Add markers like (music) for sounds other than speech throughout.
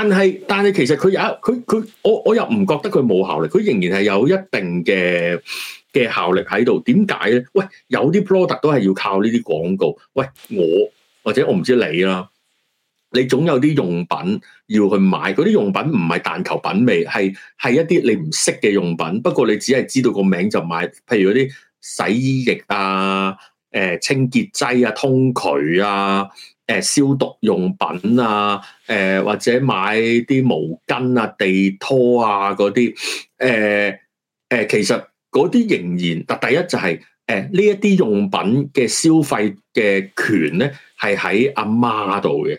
但係，但係其實佢有佢佢我我又唔覺得佢冇效力，佢仍然係有一定嘅嘅效力喺度。點解咧？喂，有啲 product 都係要靠呢啲廣告。喂，我或者我唔知你啦，你總有啲用品要去買。嗰啲用品唔係但求品味，係係一啲你唔識嘅用品。不過你只係知道個名就買。譬如嗰啲洗衣液啊、誒、呃、清潔劑啊、通渠啊。誒、呃、消毒用品啊，誒、呃、或者買啲毛巾啊、地拖啊嗰啲，誒誒、呃呃、其實嗰啲仍然，第一就係誒呢一啲用品嘅消費嘅權咧，係喺阿媽度嘅。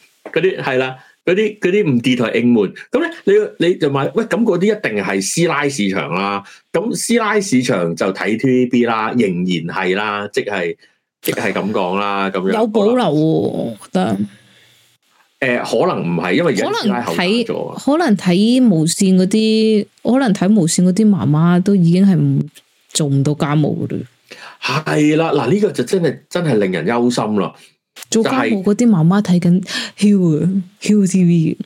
嗰啲係啦，啲啲唔跌台英文，咁咧你你就問，喂咁嗰啲一定係師奶市場啦，咁師奶市場就睇 TVB 啦，仍然係啦，即係即係咁講啦，咁樣有保留，我覺得。誒、嗯呃，可能唔係，因為可能睇可能睇無綫嗰啲，可能睇無綫嗰啲媽媽都已經係唔做唔到家務噶啦。係啦，嗱呢、這個就真係真係令人憂心咯。做家務嗰啲媽媽睇緊 h o w、就是、啊 h o w TV。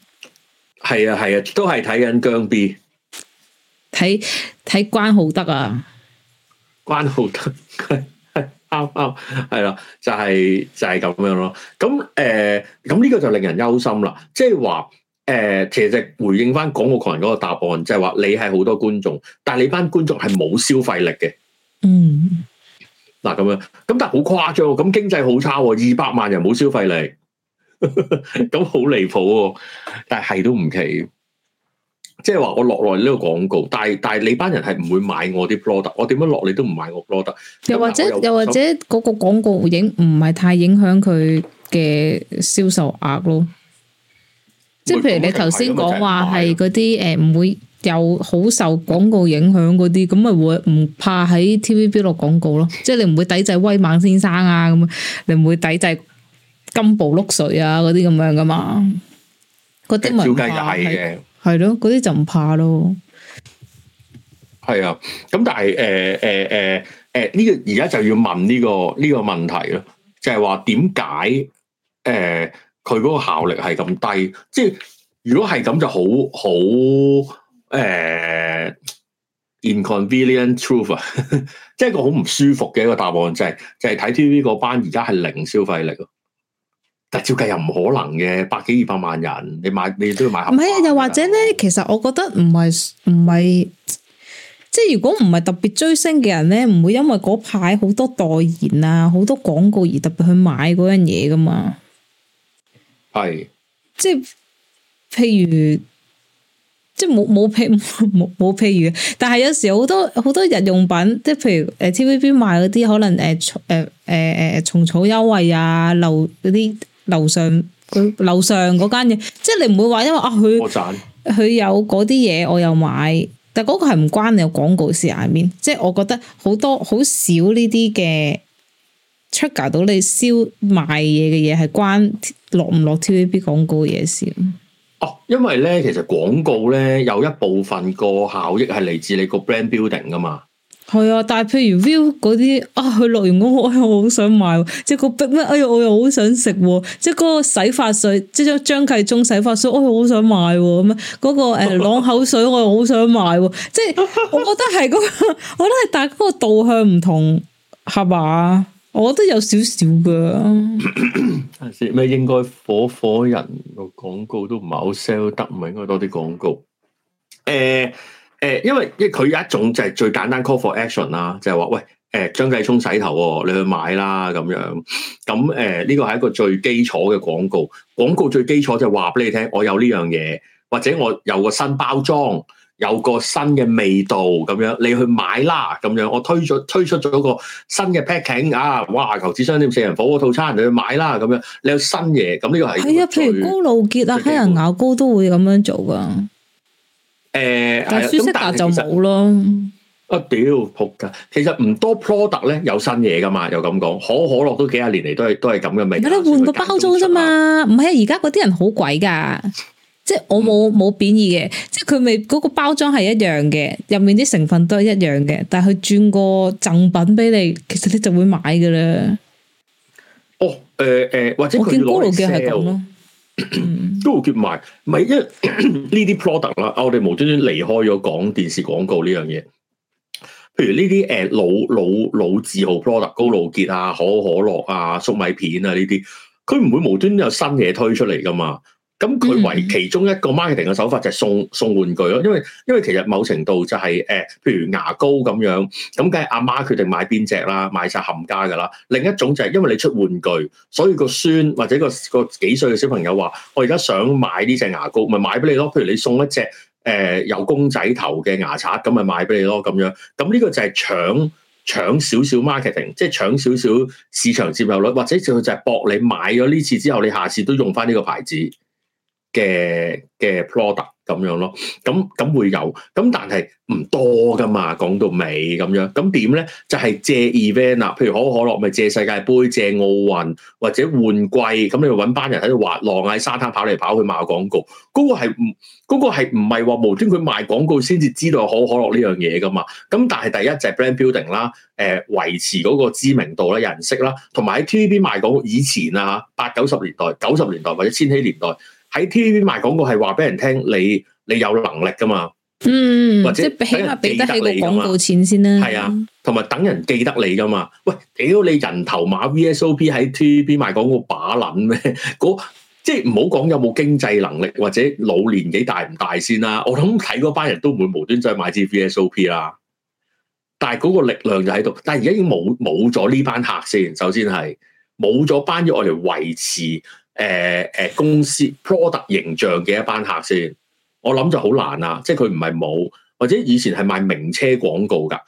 係啊係啊，都係睇緊姜 B。睇睇關浩德啊，關浩德係啱啱係啦，就係、是、就係、是、咁樣咯。咁誒，咁、呃、呢個就令人憂心啦。即係話誒，其實回應翻廣告狂人嗰個答案，即係話你係好多觀眾，但係你班觀眾係冇消費力嘅。嗯。嗱咁樣，咁但係好誇張，咁經濟好差，二百萬人冇消費力，咁 (laughs) 好離譜喎！但係係都唔奇，即係話我落來呢個廣告，但係但係你班人係唔會買我啲 product，我點樣落你都唔買我 product。又或者又或者嗰個廣告影唔係太影響佢嘅銷售額咯。嗯、即係譬如你頭先講話係嗰啲誒唔會。又好受廣告影響嗰啲，咁咪會唔怕喺 TVB 落廣告咯？即係你唔會抵制威猛先生啊，咁你唔會抵制金寶碌水啊嗰啲咁樣噶嘛？嗰啲文嘅，係咯，嗰啲就唔怕咯。係啊，咁但係誒誒誒誒呢個而家就要問呢個呢個問題咯，就係話點解誒佢嗰個效力係咁低？即係如果係咁就好好。誒，uh，inconvenient truth 啊，即係個好唔舒服嘅一個答案，就是，就係就係睇 TV 嗰班而家係零消費力咯。但照計又唔可能嘅，百幾二百萬人，你買你都要買。唔係啊，又或者咧，其實我覺得唔係唔係，即係如果唔係特別追星嘅人咧，唔會因為嗰排好多代言啊，好多廣告而特別去買嗰樣嘢㗎嘛。係，即係譬如。即係冇冇譬冇冇譬如，但係有時好多好多日用品，即係譬如誒 T V B 賣嗰啲可能誒誒誒誒，蟲草優惠啊，樓嗰啲樓上佢樓上嗰間嘢，即係你唔會話因為啊佢佢有嗰啲嘢，我又買，但係嗰個係唔關你有廣告事 I mean，即係我覺得好多好少呢啲嘅出街到你銷賣嘢嘅嘢係關落唔落 T V B 廣告嘅嘢事。哦，因為咧，其實廣告咧有一部分個效益係嚟自你個 brand building 噶嘛。係啊，但係譬如 view 嗰啲啊，佢落完工我係我好想買，即係個碧咩？哎呀，我又好想食，即係嗰個洗髮水，即係張繼聰洗髮水，我好想買咁啊。嗰個誒朗口水我又好想買，即係我覺得係嗰個，我覺得係但係嗰個導向唔同，係嘛？我覺得有少少嘅，睇下咩？應該火火人個廣告都唔係好 sell 得，唔係應該多啲廣告。誒、欸、誒、欸，因為一佢有一種就係最簡單 call for action 啦，就係話喂，誒、欸、張繼聰洗頭喎，你去買啦咁樣。咁誒呢個係一個最基礎嘅廣告，廣告最基礎就係話俾你聽，我有呢樣嘢，或者我有個新包裝。有個新嘅味道咁樣，你去買啦咁樣。我推咗推出咗個新嘅 packing 啊，哇！求仔商店四人火鍋套餐你去買啦咁樣，你有新嘢，咁呢個係係啊，譬如高露潔啊、黑人牙膏都會咁樣做噶。誒、欸，但舒適達就冇咯。啊屌仆街！其實唔多 product 咧有新嘢噶嘛，又咁講，可口可樂都幾廿年嚟，都係都係咁嘅味。有得換個包裝啫嘛，唔係啊！而家嗰啲人好鬼噶。 (laughs) 即係我冇冇貶義嘅，即係佢未嗰個包裝係一樣嘅，入面啲成分都係一樣嘅，但係佢轉個贈品俾你，其實你就會買嘅啦。哦，誒誒，或者我見高露潔係咁咯，高露潔賣咪因為呢啲 product 啦，我哋無端端離開咗講電視廣告呢樣嘢。譬如呢啲誒老老老字號 product，高露潔啊、可口可樂啊、粟米片啊呢啲，佢唔會無端端有新嘢推出嚟噶嘛。咁佢為其中一個 marketing 嘅手法就係送送玩具咯，因為因為其實某程度就係、是、誒、呃，譬如牙膏咁樣，咁梗係阿媽決定買邊隻啦，買晒冚家㗎啦。另一種就係因為你出玩具，所以個孫或者個個幾歲嘅小朋友話：我而家想買呢隻牙膏，咪買俾你咯。譬如你送一隻誒、呃、有公仔頭嘅牙刷，咁咪買俾你咯咁樣。咁呢個就係搶搶少少 marketing，即係搶少少市場佔有率，或者就就係博你買咗呢次之後，你下次都用返呢個牌子。.嘅嘅 product 咁樣咯，咁咁會有，咁但係唔多噶嘛，講到尾咁樣，咁點咧就係借 event 啦，譬如可口可樂咪借世界盃、借奧運或者換季，咁你又揾班人喺度滑浪，喺沙灘跑嚟跑去賣廣告，嗰個係唔嗰個係唔係話無端佢賣廣告先至知道可口可樂呢樣嘢噶嘛？咁但係第一就係 brand building 啦，誒維持嗰個知名度啦，有人識啦，同埋喺 TVB 賣廣告以前啊，八九十年代、九十年代或者千禧年代。喺 TVB 賣廣告係話俾人聽，你你有能力噶嘛？嗯，或者起碼俾得起個廣告錢先啦。係啊，同埋等人記得你噶嘛？喂，屌你人頭馬 VSOP (laughs) 喺 TVB 賣廣告把撚咩？即係唔好講有冇經濟能力，或者老年紀大唔大先啦、啊。我諗睇嗰班人都唔會無端再買支 VSOP 啦。但係嗰個力量就喺度，但係而家已經冇冇咗呢班客先。首先係冇咗班要我嚟維持。誒誒、呃呃，公司 product 形象嘅一班客先，我諗就好難啦、啊，即係佢唔係冇，或者以前係賣名車廣告噶，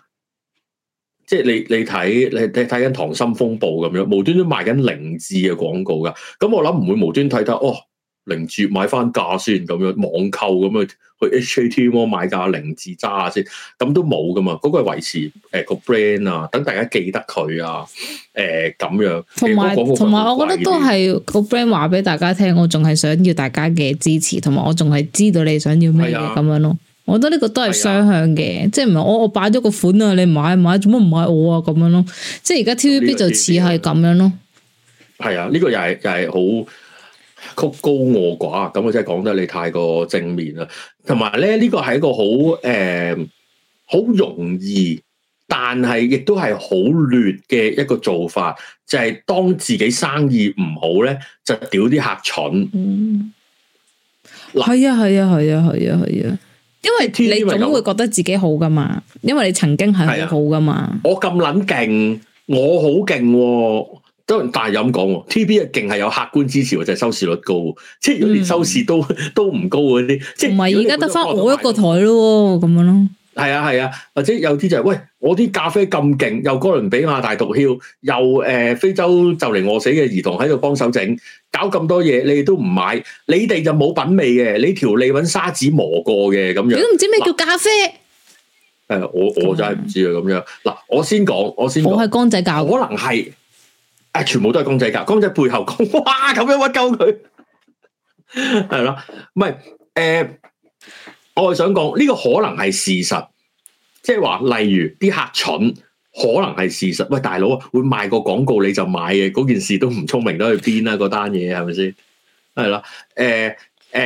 即係你你睇你睇睇緊《溏心風暴》咁樣，無端端賣緊凌志嘅廣告噶，咁、嗯、我諗唔會無端睇得哦。零住買翻價先咁樣，網購咁樣去 HKTVmall，買架零字揸先，咁都冇㗎嘛。嗰、嗰個係維持誒、欸、個 brand 啊，等大家記得佢啊，誒、欸、咁樣。同埋同埋，欸、我，我覺得都係、個 brand 話俾大家聽，我仲係想要大家嘅支持，同埋我仲係知道你想要咩嘢咁樣咯。我覺得呢個都係雙向嘅，啊，即係唔係我我擺咗個款啊，你唔買買，做乜唔買我啊？咁樣咯，即係而家 T V B 就似係咁樣咯。係啊，呢、呢個又係又係好。曲高和寡，咁我真係講得你太過正面啦。同埋咧，呢個係一個好誒，好、呃、容易，但係亦都係好劣嘅一個做法，就係、是、當自己生意唔好咧，就屌啲客蠢。嗯，係啊，係啊，係啊，係啊，係啊，啊，啊，因為你總會覺得自己好噶嘛，因為你曾經係好噶嘛。我咁撚勁，我好勁喎。都但係咁講喎 TVB 啊，勁係有客觀支持喎，就係、是、收視率高。即係如果連收視都、嗯、都唔高嗰啲，即係唔係而家得翻我一個台咯，咁樣咯。係啊係,啊，或者、啊、有啲就係、是、喂，我啲咖啡咁勁，又哥倫比亞大毒梟，又誒、呃、非洲就嚟餓死嘅兒童喺度幫手整，搞咁多嘢，你都唔買，你哋就冇品味嘅，你條脷揾砂紙磨過嘅咁樣。都唔知咩叫咖啡？誒、哎，我我真係唔知啊，咁樣嗱，我先講，我先。我係干仔教。可能係。誒，全部都係公仔價，公仔背後講，哇咁樣屈鳩佢，係 (laughs) 啦，唔係誒，我係想講呢、這個可能係事實，即係話，例如啲客蠢，可能係事實。喂，大佬啊，會賣個廣告你就買嘅嗰件事都唔聰明啦，都去邊啦、啊？嗰單嘢係咪先？係啦，誒誒，咪、呃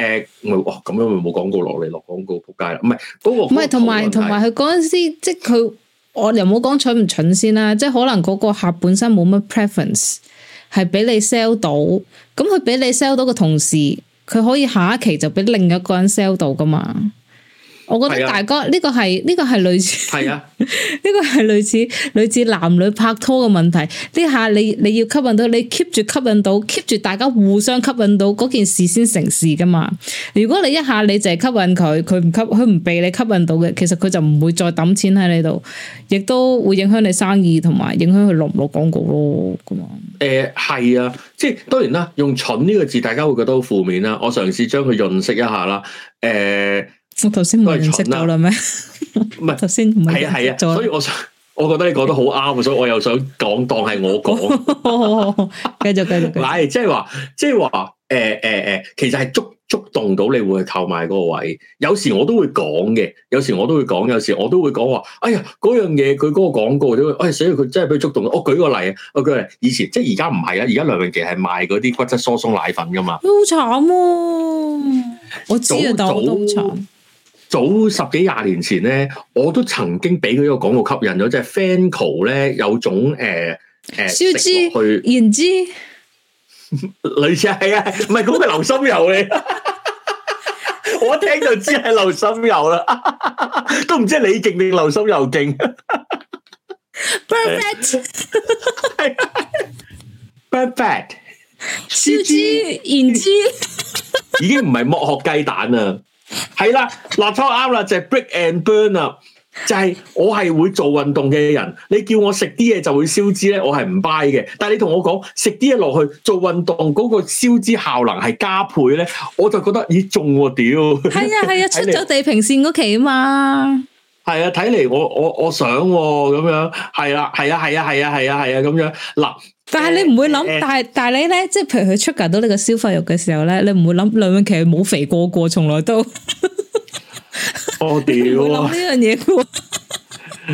呃、哇咁樣咪冇廣告落嚟，落廣告仆街啦。唔係嗰個唔係同埋同埋佢嗰陣時，即係佢。我又冇講蠢唔蠢先啦、啊，即可能嗰個客本身冇乜 preference，係俾你 sell 到，咁佢俾你 sell 到嘅同時，佢可以下一期就俾另一個人 sell 到㗎嘛。我覺得大哥呢個係呢個係類似，係啊，呢個係類似類似男女拍拖嘅問題。呢下你你要吸引到你，你 keep 住吸引到，keep 住大家互相吸引到嗰件事先成事噶嘛。如果你一下你淨係吸引佢，佢唔吸佢唔俾你吸引到嘅，其實佢就唔會再抌錢喺你度，亦都會影響你生意同埋影響佢落唔落廣告咯、呃，咁樣、啊。誒係啊，即係當然啦，用蠢呢個字，大家會覺得好負面啦。我嘗試將佢潤飾一下啦，誒、呃。我頭先冇認識到啦咩？唔係頭先係啊係啊，所以我想，我覺得你講得好啱，所以我又想講，當係我講，繼續繼續。唔，即係話，即係話，誒誒誒，其實係觸觸動到你會去購買嗰個位。有時我都會講嘅，有時我都會講，有時我都會講話，哎呀，嗰樣嘢，佢嗰個廣告，咁、哎、啊所以佢真係俾觸動到。我舉個例啊，我舉個例我舉個例以前，即係而家唔係啊，而家梁詠琪係賣嗰啲骨質疏鬆奶粉噶嘛，好慘、嗯！我知啊，早早慘。早十幾廿年前咧，我都曾經俾佢呢個廣告吸引咗，即係 FANCL 咧有種誒誒，燒脂去燃脂，類似係啊，唔係嗰個流心油嚟。我一聽就知係流心油啦，都唔知你勁定流心油勁。Perfect，係，Perfect，燒脂燃脂，已經唔係剝殼雞蛋啦。係啦，立秋啱啦，就係 break and burn 啦，就係我係會做運動嘅人，你叫我食啲嘢就會消脂咧，我係唔 buy 嘅。但係你同我講食啲嘢落去做運動，嗰個消脂效能係加倍咧，我就覺得咦中，喎屌！係啊係啊，出咗地平線嗰期啊嘛。係啊，睇嚟我我我想咁樣，係啦係啊係啊係啊係啊係啊咁樣嗱。但係你唔會諗、欸，但係但係你咧，即係譬如佢觸發到你個消費欲嘅時候咧，你唔會諗梁詠琪冇肥過過，從來都 (laughs) 、哦。我屌、 (laughs) 哦，諗呢樣嘢嘅。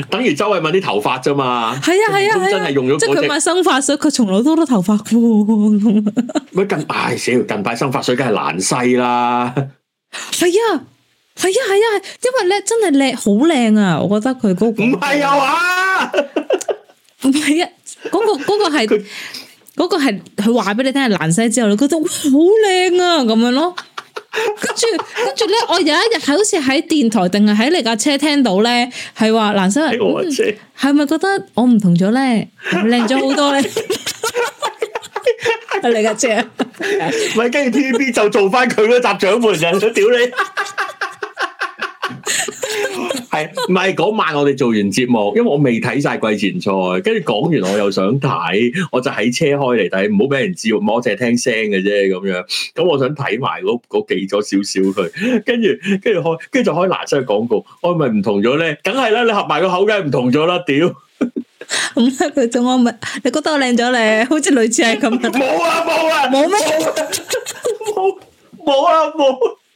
等於周慧敏啲頭髮啫嘛。係 (laughs) 啊係啊真係用咗。即係佢買生髮水，佢從來都都頭髮光。乜近排少？近排生髮水梗係難西啦。係啊係啊係啊，因為咧真係靚，好靚啊！我覺得佢嗰、那個唔係是啊，唔係啊。嗰、 (laughs) 嗰個嗰、嗰個係，嗰個係佢話俾你聽，蘭西之後你覺得好靚啊，咁樣咯。跟住跟住咧，我有一日係好似喺電台定係喺你架車聽到咧，係話蘭西，係 (laughs) 我架車，係咪、嗯、覺得我唔同咗咧，靚咗好多咧？你架車，咪跟住 TVB 就做翻佢嗰集掌門人，人，想屌你。 (laughs) 唔係嗰晚我哋做完節目，因為我未睇晒季前賽，跟住講完我又想睇，我就喺車開嚟睇，唔好俾人知，我淨係聽聲嘅啫咁樣。咁我想睇埋嗰嗰記咗少少佢，跟住跟住開，跟住就開藍色廣告，我咪唔同咗咧？梗係啦，你合埋個口梗係唔同咗啦，屌！咁咧， (laughs) 仲我咪你覺得我靚咗咧？好似類似係咁。冇啊冇啊冇咩？冇冇啊冇。 (laughs) (laughs) (laughs)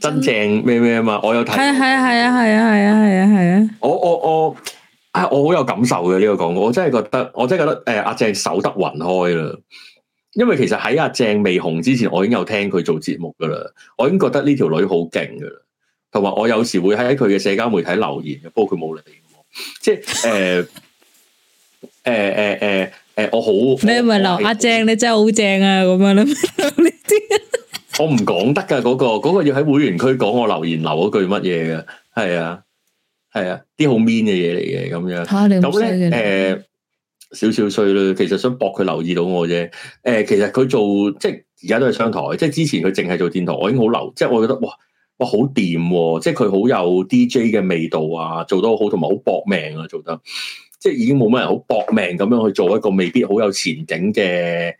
真正咩咩啊嘛，我有睇。係啊係啊係啊係啊係啊係啊！啊啊啊啊啊啊我我我啊，我好有感受嘅呢、這個講，我真係覺得，我真係覺得誒阿鄭守得雲開啦。因為其實喺阿鄭未紅之前，我已經有聽佢做節目噶啦，我已經覺得呢條女好勁噶啦。同埋我有時會喺佢嘅社交媒體留言嘅，不過佢冇理我。即係誒誒誒誒誒，我好你咪留阿鄭，你真係好正啊咁樣啦。啊啊啊啊啊 (laughs) 我唔講得噶，嗰、嗰個嗰、嗰個要喺會員區講，我留言留嗰句乜嘢嘅，係啊，係啊，啲、啊、好 mean 嘅嘢嚟嘅咁樣。咁咧，誒、呃，少少衰啦，其實想博佢留意到我啫。誒、呃，其實佢做即係而家都係商台，即係之前佢淨係做電台。我已經好留，即係我覺得哇，哇好掂，啊，即係佢好有 DJ 嘅味道啊，做得好，同埋好搏命啊，做得，即係已經冇乜人好搏命咁樣去做一個未必好有前景嘅。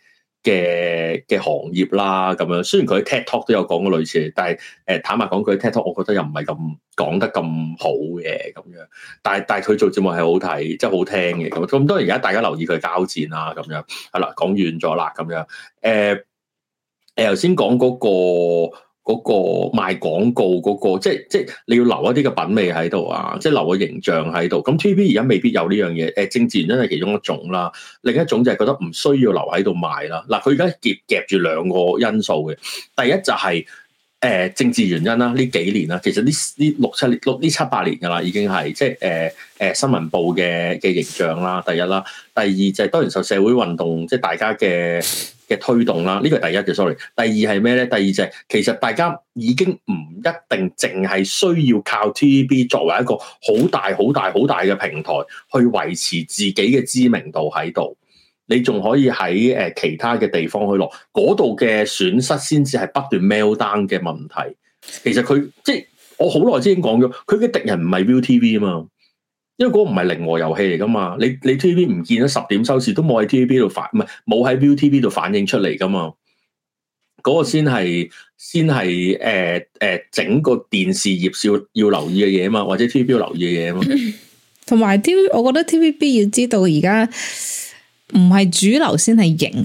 嘅嘅行業啦咁樣，雖然佢喺 TikTok 都有講過類似，但係誒、呃、坦白講，佢 TikTok 我覺得又唔係咁講得咁好嘅咁樣，但係但係佢做節目係好睇，即係好聽嘅咁，咁當然而家大家留意佢交戰啦咁樣，係、嗯、啦講遠咗啦咁樣，誒誒頭先講嗰個。嗰個賣廣告嗰、那個，即係即係你要留一啲嘅品味喺度啊，即係留個形象喺度。咁 T.V.B. 而家未必有呢樣嘢，誒政治原因係其中一種啦。另一種就係覺得唔需要留喺度賣啦。嗱，佢而家夾夾住兩個因素嘅，第一就係、是、誒、呃、政治原因啦，呢幾年啦，其實呢呢六七年六呢七八年噶啦，已經係即係誒誒新聞部嘅嘅形象啦。第一啦，第二就係當然受社會運動，即係大家嘅。嘅推動啦，呢個第一嘅，sorry。第二係咩咧？第二就係其實大家已經唔一定淨係需要靠 TVB 作為一個好大好大好大嘅平台去維持自己嘅知名度喺度，你仲可以喺誒其他嘅地方去落，嗰度嘅損失先至係不斷 melt down 嘅問題。其實佢即係我好耐之前講咗，佢嘅敵人唔係 Viu TV 啊嘛。因為嗰個唔係零和遊戲嚟噶嘛，你你 TVB 唔見咗十點收視，都冇喺 TVB 度反，唔係冇喺 ViuTV 度反映出嚟噶嘛？嗰、嗰個先係先係誒誒整個電視業要要留意嘅嘢啊嘛，或者 TVB 要留意嘅嘢啊嘛。同埋、嗯、TV，我覺得 TVB 要知道而家唔係主流先係型，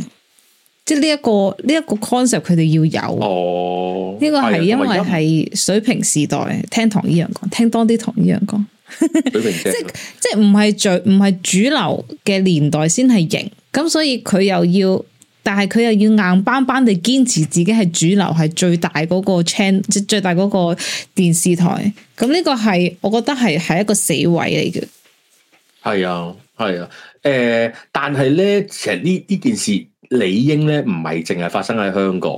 即係呢一個呢一、呢個 concept 佢哋要有。哦，呢個係因為係水平時代，聽唐依陽講，聽多啲唐依陽講。 (laughs) 即即唔係最唔係主流嘅年代先係型，咁所以佢又要，但係佢又要硬邦邦地堅持自己係主流，係最大嗰個 channel，即係最大嗰個電視台。咁呢個係我覺得係係一個死位嚟嘅。係啊，係啊，誒、呃，但係咧，其實呢呢件事理應咧唔係淨係發生喺香港，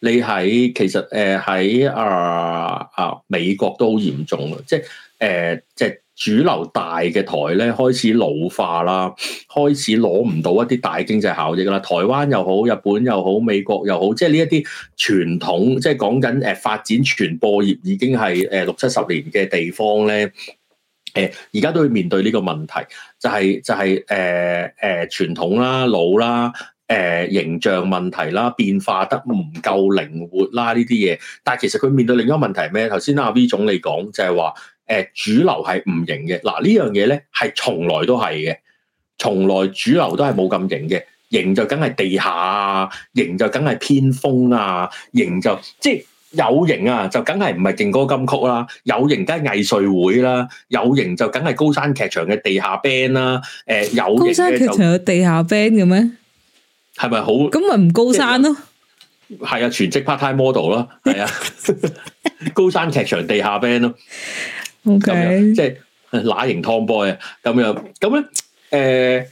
你喺其實誒喺、呃、啊啊美國都好嚴重啊，即係。誒，即係、呃就是、主流大嘅台咧，開始老化啦，開始攞唔到一啲大經濟效益㗎啦。台灣又好，日本又好，美國又好，即係呢一啲傳統，即係講緊誒發展傳播業已經係誒、呃、六七十年嘅地方咧。誒、呃，而家都要面對呢個問題，就係、是、就係誒誒傳統啦、老啦、誒、呃、形象問題啦、變化得唔夠靈活啦呢啲嘢。但係其實佢面對另一個問題咩？頭先阿 V 總理講就係話。誒，主流係唔型嘅。嗱，呢樣嘢咧係從來都係嘅，從來主流都係冇咁型嘅，型就梗係地下，型就梗係偏鋒啊，型就即係有型啊，就梗係唔係勁歌金曲啦，有型梗係藝穗會啦，有型就梗係高山劇場嘅地下 band 啦、呃，誒有高山劇場有地下 band 嘅咩？係咪好？咁咪唔高山咯？係啊，全職 part time model 咯，係啊， (laughs) 高山劇場地下 band 咯。咁 Okay. 樣即係乸型湯波嘅、啊、咁樣咁咧，誒、呃，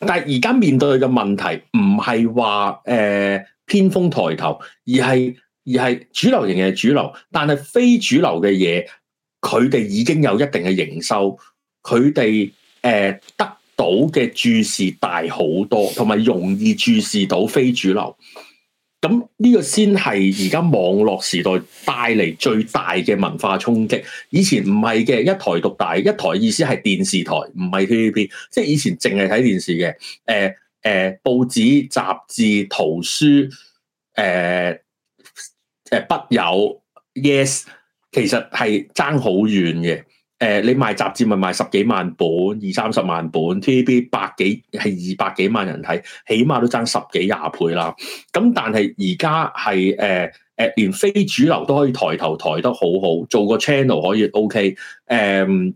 但係而家面對嘅問題唔係話誒偏鋒抬頭，而係而係主流型嘅主流，但係非主流嘅嘢，佢哋已經有一定嘅營收，佢哋誒得到嘅注視大好多，同埋容易注視到非主流。咁呢個先係而家網絡時代帶嚟最大嘅文化衝擊。以前唔係嘅，一台獨大，一台意思係電視台，唔係 TVB，即係以前淨係睇電視嘅。誒、呃、誒、呃，報紙、雜誌、圖書，誒、呃、誒，筆、呃、友，yes，其實係爭好遠嘅。誒、呃，你賣雜誌咪賣十幾萬本、二三十萬本，TVB 百幾係二百幾萬人睇，起碼都爭十幾廿倍啦。咁、嗯、但係而家係誒誒，連非主流都可以抬頭抬得好好，做個 channel 可以 OK、呃。誒、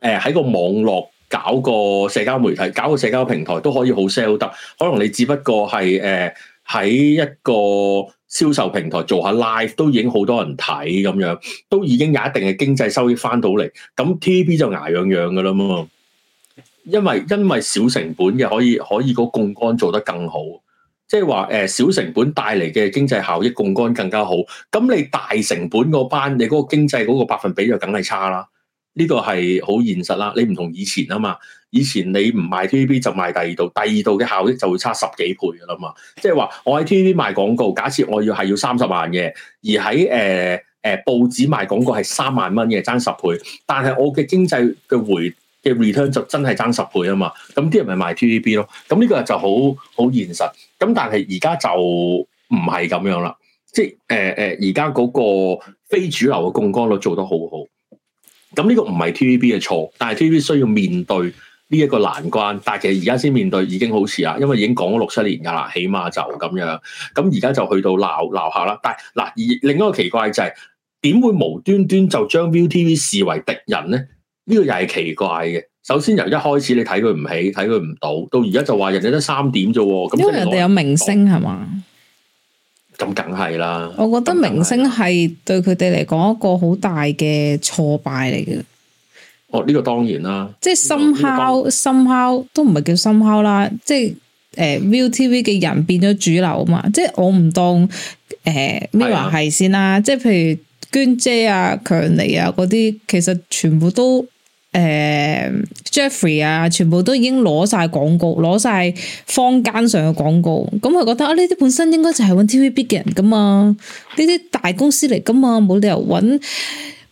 呃、誒，喺個網絡搞個社交媒體，搞個社交平台都可以好 sell 得。可能你只不過係誒喺一個。銷售平台做下 live 都已經好多人睇咁樣，都已經有一定嘅經濟收益翻到嚟，咁 TVB 就牙癢癢噶啦嘛。因為因為小成本嘅可以可以個槓桿做得更好，即係話誒小成本帶嚟嘅經濟效益槓桿更加好。咁你大成本個班，你嗰個經濟嗰個百分比就梗係差啦。呢個係好現實啦，你唔同以前啊嘛。以前你唔賣 TVB 就賣第二度，第二度嘅效益就會差十幾倍㗎喇嘛。即係話我喺 TVB 賣廣告，假設我要係要三十萬嘅，而喺誒誒報紙賣廣告係三萬蚊嘅，爭十倍。但係我嘅經濟嘅回嘅 return 就真係爭十倍啊嘛。咁啲人咪賣 TVB 咯。咁呢個就好好現實。咁但係而家就唔係咁樣啦。即係誒誒，而家嗰個非主流嘅槓桿率做得好好。咁呢個唔係 TVB 嘅錯，但係 TVB 需要面對呢一個難關，但係其實而家先面對已經好遲啦，因為已經講咗六七年噶啦，起碼就咁樣。咁而家就去到鬧鬧下啦。但係嗱，而另一個奇怪就係點會無端端就將 ViuTV 視為敵人咧？呢、這個又係奇怪嘅。首先由一開始你睇佢唔起，睇佢唔到，到而家就話人哋都三點啫喎。因為人哋有明星係嘛？咁梗係啦。吧我覺得明星係對佢哋嚟講一個好大嘅挫敗嚟嘅。哦，呢個當然啦，即係深拋，深拋 somehow, somehow, 都唔係叫深拋啦，嗯、即係誒、呃、ViuTV 嘅人變咗主流啊嘛，即係我唔當誒咩話係先啦，是啊、即係譬如娟姐啊、強尼啊嗰啲，其實全部都誒、呃、Jeffrey 啊，全部都已經攞晒廣告，攞晒坊間上嘅廣告，咁佢覺得啊，呢啲本身應該就係搵 TVB 嘅人噶嘛，呢啲大公司嚟噶嘛，冇理由搵。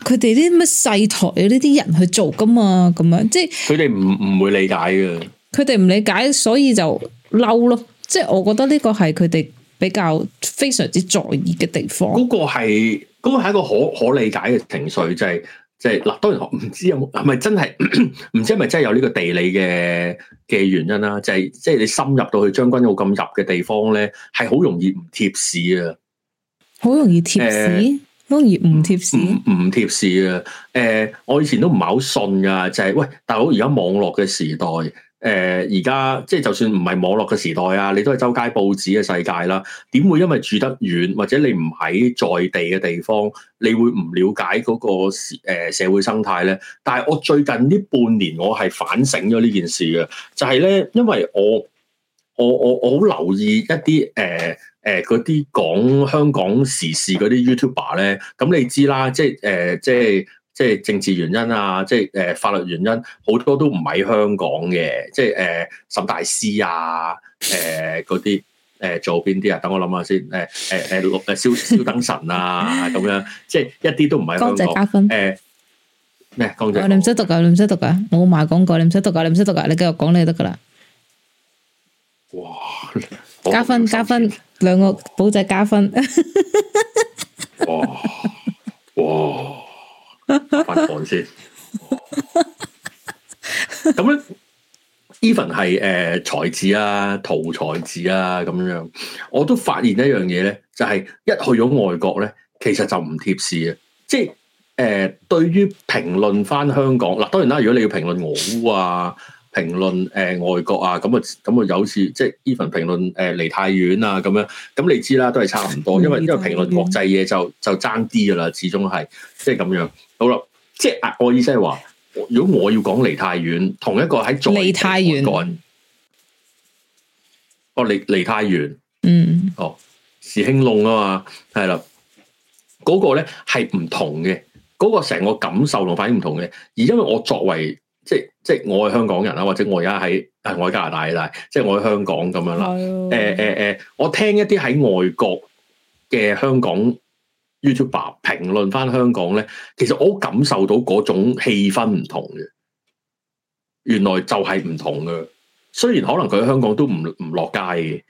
佢哋啲乜細台嘅呢啲人去做噶嘛？咁樣即係佢哋唔唔會理解嘅。佢哋唔理解，所以就嬲咯。即係我覺得呢個係佢哋比較非常之在意嘅地方。嗰個係嗰、嗰個係一個可可理解嘅情緒，就係即係嗱。當然唔知有冇，係咪真係唔 (coughs) 知係咪真係有呢個地理嘅嘅原因啦、啊。就係即係你深入到去將軍澳咁入嘅地方咧，係好容易唔貼市啊，好容易貼市。呃當然唔貼士，唔唔貼士啊！誒，我以前都唔係好信噶，就係、是、喂，大佬。而家網絡嘅時代，誒而家即係就算唔係網絡嘅時代啊，你都係周街報紙嘅世界啦。點會因為住得遠或者你唔喺在，在地嘅地方，你會唔了解嗰、那個、呃、社會生態咧？但係我最近呢半年，我係反省咗呢件事嘅，就係、是、咧，因為我。我我我好留意一啲誒誒嗰啲講香港時事嗰啲 YouTuber 咧，咁你知啦，即係誒、呃、即係即係政治原因啊，即係誒、呃、法律原因好多都唔喺香港嘅，即係誒、呃、沈大師啊，誒嗰啲誒做邊啲啊？等我諗下先，誒誒誒六誒消等神啊，咁樣即係一啲都唔喺香港誒咩？多謝你唔識讀㗎，你唔識讀㗎，我賣廣告你唔識讀㗎，你唔識讀㗎，你繼續講你就得㗎啦。哇！加分加分，兩個補仔加分。哇 (laughs) 哇，發汗先。咁咧，even 係誒才子啊，陶才子啊咁樣，我都發現一樣嘢咧，就係、是、一去咗外國咧，其實就唔貼士啊，即係誒、呃，對於評論翻香港嗱，當然啦，如果你要評論我啊。評論誒、呃、外國啊，咁啊咁啊有次即係呢份評論誒離太遠啊咁樣，咁你知啦，都係差唔多，因為因為評論國際嘢就就爭啲噶啦，始終係即係咁樣。好啦，即係啊，我意思係話，如果我要講離太遠，同一個喺在離太遠，哦離離太遠，嗯，哦時興隆啊嘛，係啦，嗰、那個咧係唔同嘅，嗰、那個成個感受反應同反應唔同嘅，而因為我作為。即係即係我係香港人啦，或者我而家喺誒我喺加拿大，但即係我喺香港咁樣啦。誒誒誒，我聽一啲喺外國嘅香港 YouTuber 評論翻香港咧，其實我感受到嗰種氣氛唔同嘅，原來就係唔同嘅。雖然可能佢喺香港都唔唔落街嘅。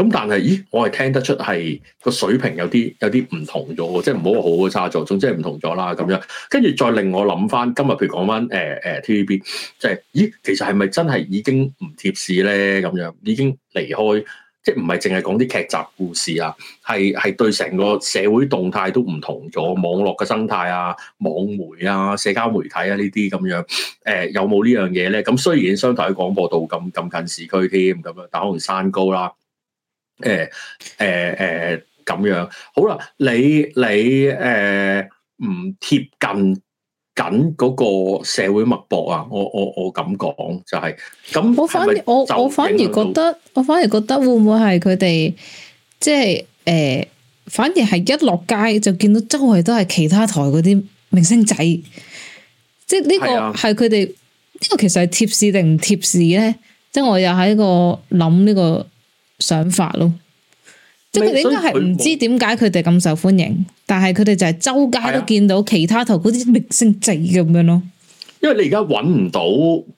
咁但係，咦？我係聽得出係個水平有啲有啲唔同咗喎，即係唔好話好嘅差錯，總之係唔同咗啦咁樣。跟住再令我諗翻今日說說，譬、呃、如講、呃、翻誒誒 TVB，即、就、係、是、咦？其實係咪真係已經唔貼市咧？咁樣已經離開，即係唔係淨係講啲劇集故事啊？係係對成個社會動態都唔同咗，網絡嘅生態啊、網媒啊、社交媒體啊呢啲咁樣誒、呃，有冇呢樣嘢咧？咁雖然商台喺廣播道咁咁近市區添咁樣，但可能山高啦。誒誒誒，咁、欸欸欸、樣好啦，你你誒唔貼近緊嗰個社會脈搏啊？我我我咁講就係咁。我反我、就是、是是我反而覺得，我反而覺得會唔會係佢哋即係誒、欸，反而係一落街就見到周圍都係其他台嗰啲明星仔，即係呢個係佢哋呢個其實係貼士定唔貼士咧？即係我又喺個諗呢、這個。想法咯，即係佢哋應該係唔知點解佢哋咁受歡迎，但係佢哋就係周街都見到其他台嗰啲明星仔咁樣咯。因為你而家搵唔到，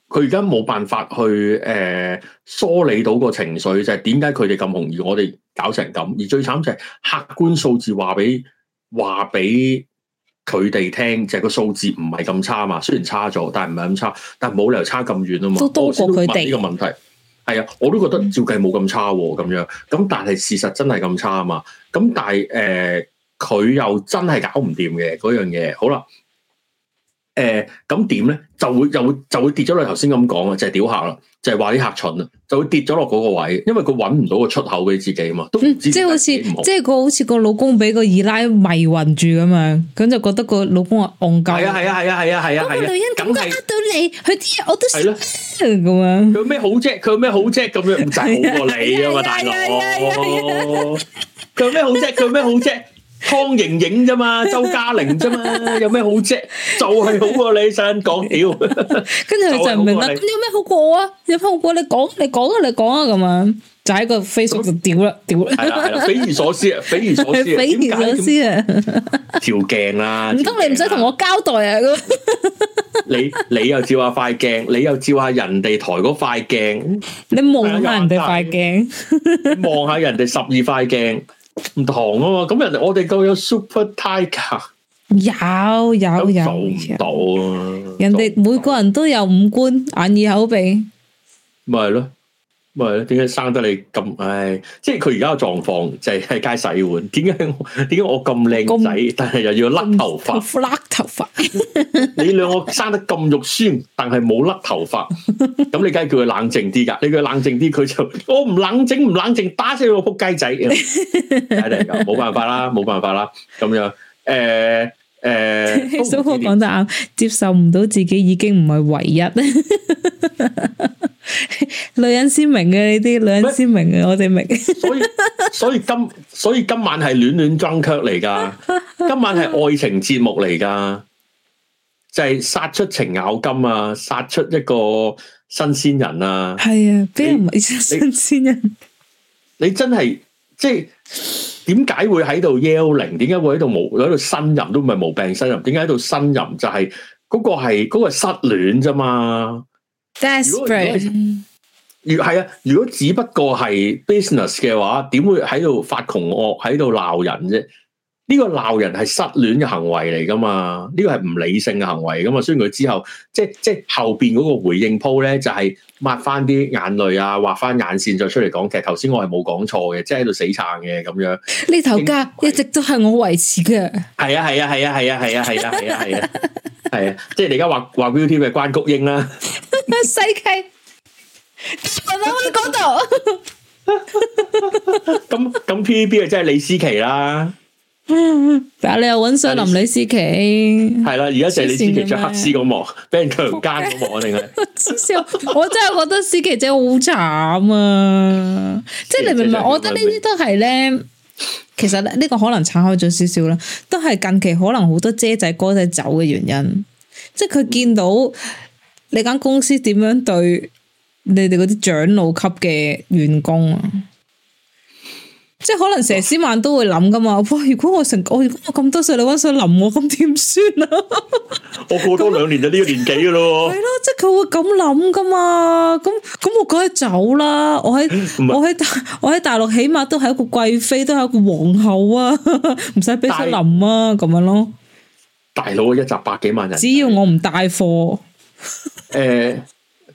佢而家冇辦法去誒、呃、梳理到個情緒，就係點解佢哋咁紅，而我哋搞成咁。而最慘就係客觀數字話俾話俾佢哋聽，就係、是、個數字唔係咁差嘛。雖然差咗，但係唔係咁差，但係冇理由差咁遠啊嘛。都多過佢哋呢個問題。係啊，我都覺得照計冇咁差喎，咁樣，咁但係事實真係咁差嘛，咁但係誒佢又真係搞唔掂嘅嗰樣嘢，好啦。誒，咁點咧？就會又會就會跌咗落頭先咁講啊，就係屌客啦，就係話啲客蠢啊，就會跌咗落嗰個位，因為佢搵唔到個出口俾自己嘛、嗯。即係好似，即係個好似個老公俾個二奶迷暈住咁樣，咁就覺得個老公啊戇鳩。係啊係啊係啊係啊係啊。個女人咁都呃到你，佢啲嘢我都識。係咁啊。佢咩、啊啊、好啫？a c 佢咩好啫？a c k 咁樣唔、就係、好過你啊嘛，大佬。佢咩 (laughs) (laughs) 好啫？a c 佢咩好啫？湯盈盈啫嘛，周嘉玲啫嘛，有咩好啫？就係好過！你想講屌？跟住佢就唔明啦，有咩好過啊？有咩好過？你講，你講啊，你講啊，咁樣，就喺個 Facebook 就屌啦，屌啦！匪夷所思啊，匪夷所思啊，匪夷所思啊！照鏡啦，唔通，你唔使同我交代啊！你你又照下塊鏡，你又照下人哋台嗰塊鏡，你望下人哋塊鏡，望下人哋十二塊鏡。唔同啊嘛，咁人哋我哋夠有 super tiger，有有有，做唔到啊！人哋每個人都有五官，眼耳口鼻，咪係咯。咪點解生得你咁？唉，即係佢而家嘅狀況就係喺街洗碗。點解點解我咁靚仔，更但係又要甩頭髮？甩頭髮！你兩個生得咁肉酸，但係冇甩頭髮。咁 (laughs) 你梗係叫佢冷靜啲噶？你叫佢冷靜啲，佢就我唔冷靜唔冷靜，打死個仆街仔。睇嚟，冇辦法啦，冇辦法啦。咁樣，誒誒，蘇浩講得啱，接受唔到自己已經唔係唯一。 (laughs) 女人先明嘅呢啲，女人先明嘅，我哋明。所以所以今所以今晚係暖暖裝劇嚟噶，今晚係愛情節目嚟噶，就係殺出程咬金啊，殺出一個新鮮人啊，係啊，俾人唔係新鮮人。你真係即係點解會喺度 yelling？點解會喺度無喺度呻吟？都唔係無病呻吟，點解喺度呻吟？就係嗰個係嗰個失戀啫嘛。d e 如係啊，如果只不過係 business 嘅話，點會喺度發窮惡喺度鬧人啫？呢、這個鬧人係失戀嘅行為嚟噶嘛？呢、這個係唔理性嘅行為噶嘛？所以佢之後即係即係後邊嗰個回應鋪咧，就係抹翻啲眼淚啊，畫翻眼線再出嚟講。其實頭先我係冇講錯嘅，即係喺度死撐嘅咁樣。呢頭家一直都係我維持嘅。係啊係啊係啊係啊係啊係啊係啊係啊，係啊，即係你而家話話 ViuTV 嘅關菊英啦。 (music) 西溪大鵬喺嗰度，咁咁 (laughs) 世界 (laughs) (laughs) PVP 啊，真係李思琪啦。但 (laughs) (laughs) 你又搵上林李思琪，係啦， (laughs) 而家就係李思琪着黑絲嗰幕，俾人強姦嗰幕啊，定係？笑，我真係覺得思琪姐好慘啊！即係你明唔明，明？我覺得呢啲都係咧，其實呢個可能拆開咗少少啦，都係近期可能好多姐仔哥仔走嘅原因，即係佢見到。你間公司點樣對你哋嗰啲長老級嘅員工啊？即係可能佘詩曼都會諗噶嘛？哇！如果我成我如果我咁多歲，你溫水淋我，咁點算啊？我過多兩年就呢個年紀噶咯。係咯 (laughs) 啊，即係佢會咁諗噶嘛？咁咁我梗係走啦！我喺是我喺大我喺大陸起碼都係一個貴妃，都係一個皇后啊！唔使俾水淋啊！咁樣咯。大佬一集百幾萬人，只要我唔帶貨。 (laughs) 誒，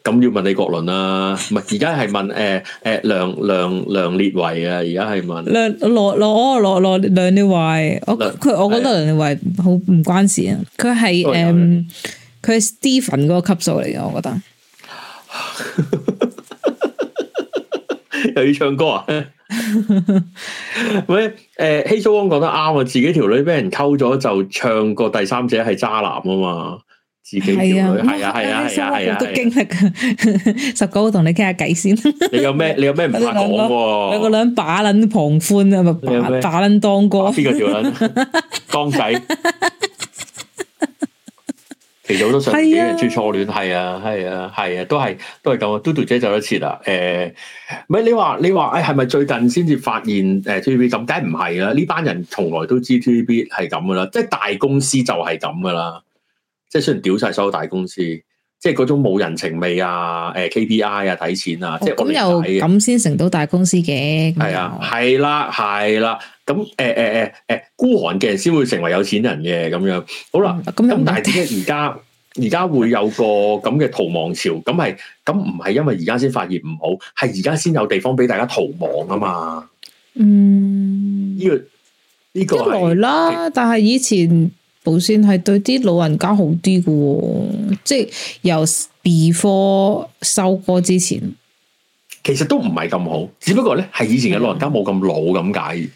咁、呃、要問李國麟啊，唔係，而家係問誒誒梁梁梁烈維啊，而家係問梁羅羅羅羅梁烈維，我佢梁我覺得梁烈維好唔關事啊，佢係誒佢係 Stephen 嗰個級數嚟嘅，我覺得 (laughs) 又要唱歌啊？喂誒，Hazel Wong 講得啱啊，自己條女俾人溝咗就唱過第三者係渣男啊嘛。係啊，係啊，係啊，係啊，啊，都經歷啊！十九號同你傾下偈先。你有咩？你有咩唔怕講？兩個兩把撚狂歡啊！咪把把撚當哥？邊個條撚？當仔？朝早都想俾人追錯戀，係啊，係啊，係啊，都係都係咁啊嘟嘟姐走一次啦。誒，唔係你話你話，誒，係咪最近先至發現誒 T V B 咁？梗係唔係啦！呢班人從來都知 T V B 係咁噶啦，即係大公司就係咁噶啦。即係雖然屌晒所有大公司，即係嗰種冇人情味啊，誒、呃、KPI 啊睇錢啊，哦、即係咁又咁先成到大公司嘅。係啊，係啦、啊，係啦、啊。咁誒誒誒誒，孤寒嘅人先會成為有錢人嘅咁樣。好啦，咁、嗯、但係點解而家而家會有個咁嘅逃亡潮，咁係咁唔係因為而家先發現唔好，係而家先有地方俾大家逃亡啊嘛。嗯，呢個呢個來啦，但係以前。 (laughs) 無綫係，對啲老人家好啲嘅，即係由 b 科收科之前，其實都唔係咁好，只不過咧係以前嘅老人家冇咁老咁解，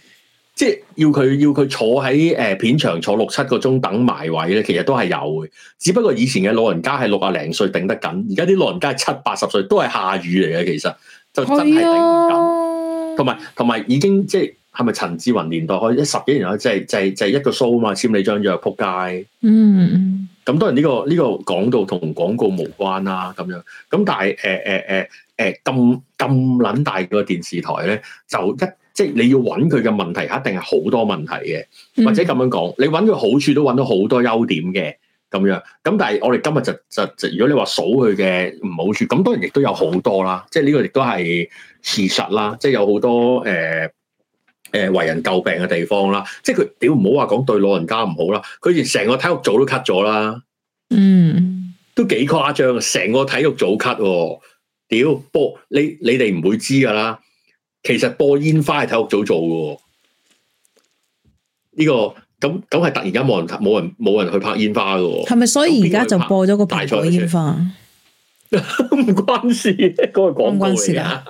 即係要佢要佢坐喺誒片場坐六七個鐘等埋位咧，其實都係有嘅。只不過以前嘅老人家係六啊零歲頂得緊，而家啲老人家係七八十歲都係下雨嚟嘅，其實就真係頂唔緊，同埋同埋已經即係。係咪陳志雲年代開一十幾年咧，就係、是、就係、是、就係、是、一個 show 啊嘛，簽你張約，撲街。Mm. 嗯，咁當然呢、這個呢、這個廣告同廣告無關啦、啊，咁樣。咁但係誒誒誒誒咁咁撚大個電視台咧，就一即係、就是、你要揾佢嘅問題，一定係好多問題嘅。Mm. 或者咁樣講，你揾佢好處都揾到好多優點嘅，咁樣。咁但係我哋今日就就，就如果你話數佢嘅唔好處，咁當然亦都有好多啦。即係呢個亦都係事實啦。即、就、係、是、有好多誒。呃誒，為人詬病嘅地方啦，即係佢屌唔好話講對老人家唔好啦，佢連成個體育組都 cut 咗啦，嗯，都幾誇張啊，成個體育組 cut，屌播你你哋唔會知噶啦，其實播煙花係體育組做嘅，呢、這個咁咁係突然間冇人冇人冇人去拍煙花噶，係咪所以而家就播咗個排彩煙花？唔 (laughs) 關事，嗰、那個講唔關事。啊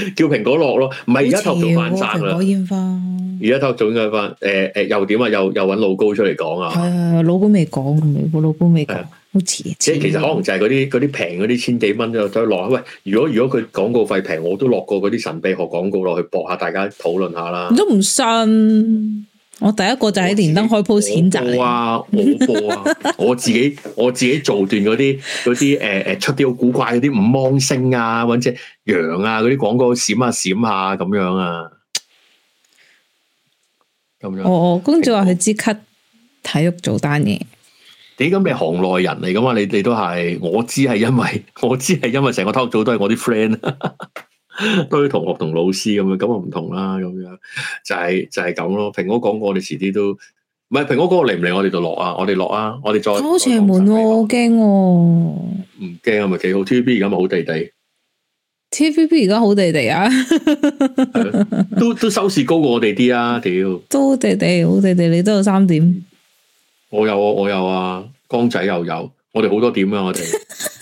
(laughs) 叫蘋果落咯，唔係而家頭做繁生啦。而家頭做煙花，誒誒、呃呃，又點啊？又又搵老高出嚟講啊！係啊、哎，老高未講，我老高未講，哎、呀好遲、啊。即係其實可能就係嗰啲啲平嗰啲千幾蚊就走去落。喂，如果如果佢廣告費平，我都落過嗰啲神秘學廣告落去博下，大家討論下啦。你都唔信？我第一個就喺連登開舖閃就啊！我播啊！ (laughs) 我自己我自己做段嗰啲嗰啲誒誒出啲好古怪嗰啲五芒星啊，或者羊啊嗰啲廣告閃下閃下咁樣啊，咁樣哦哦，公主話佢知 c u 體育做單嘢，欸，你咁咩行內人嚟噶嘛？你哋都係我知係因為我知係因為成個 talk 組都係我啲 friend。 (laughs) 堆 (laughs) 同學同老師咁樣，咁啊唔同啦，咁樣就係就係、是、咁、就是、咯。蘋果講過，我哋遲啲都唔係蘋果嗰個嚟唔嚟，我哋就落啊？我哋落啊，我哋再好邪門，驚唔驚啊？咪幾、啊、好？T V B 而家咪好地地，T V B 而家好地地啊， (laughs) 都都收視高過我哋啲啊，屌都地地，好地地，你都有三點我有我有，我有啊，我有啊，江仔又有，我哋好多點啊，我哋。 (laughs)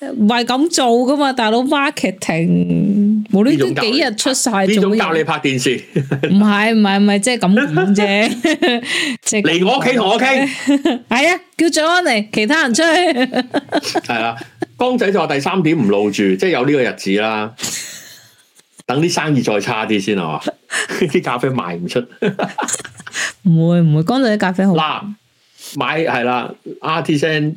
唔係咁做噶嘛，大佬 marketing 無端端幾日出晒，仲教你拍電視？唔係唔係唔係，即係咁啫。嚟、就是、 (laughs) 這我屋企同我傾，係啊，叫咗安嚟，其他人出去。係 (laughs) 啦、啊，江仔就話第三點唔露住，即、就、係、是、有呢個日子啦。等啲生意再差啲先係嘛？啲 (laughs) (laughs) (laughs) 咖啡賣唔出，唔會唔會？江仔啲咖啡好難 (laughs) 買，係啦 artisan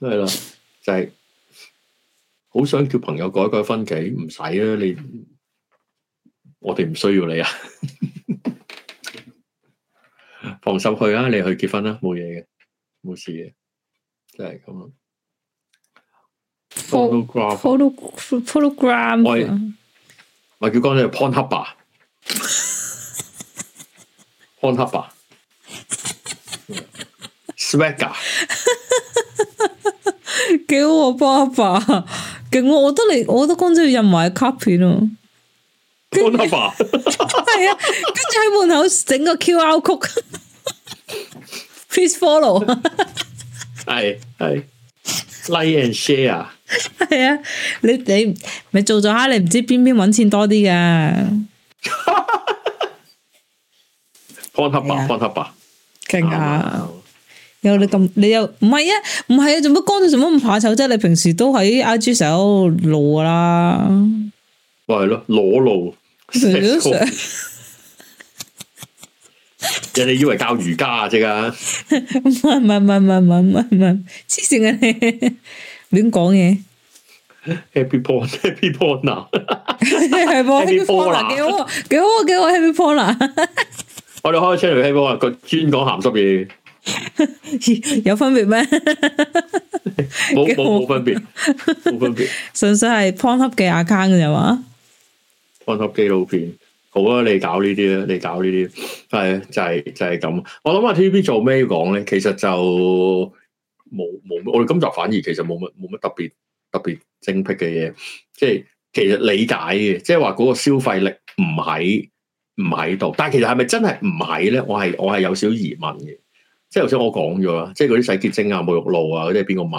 真係啦，就係好想叫朋友改改婚期，唔使啊！你我哋唔需要你啊，放心去啊，你去結婚啦，冇嘢嘅，冇事嘅，就係咁咯。photograph，我我叫江仔，Pornhub 啊，Pornhub 啊，swagger。幾好啊，爸爸，勁，我都嚟，我都講咗要印埋卡片啊，潘伯，係啊，跟住喺門口整個 Q R 曲，Please follow，係係，Like and share，係啊，你你咪做咗下，你唔知邊邊揾錢多啲㗎，潘伯，潘伯，傾下。有你咁，你又唔係啊？唔係啊？做乜幹到咁怕醜啫？你平時都喺 I G 成日攞路噶啦，咪係咯，裸露。人哋以為教瑜伽啊，即係。唔係唔係唔係唔係唔係唔係，黐線嘅你亂講嘢。Happy Porn，Happy Porn 啊！係啵？Happy Porn 啊！幾好啊！幾好啊！幾好！Happy Porn 啊！我哋開咗 channel Happy Porn，佢專講鹹濕嘢。 (laughs) 有分別咩？冇冇冇分別，冇分別，純 (laughs) 粹係 point up 嘅 account 啫嘛。point up 紀錄片，好啊！你搞呢啲咧，你搞呢啲係就係就係咁。我諗下 TVB 做咩講咧？其實就冇冇，我哋今集反而其實冇乜冇乜特別特別精辟嘅嘢。即係其實理解嘅，即係話嗰個消費力唔喺唔喺度，但係其實係咪真係唔喺咧？我係我係有少疑問嘅。即係頭先我講咗啦，即係嗰啲洗潔精啊、沐浴露啊嗰啲，邊個買？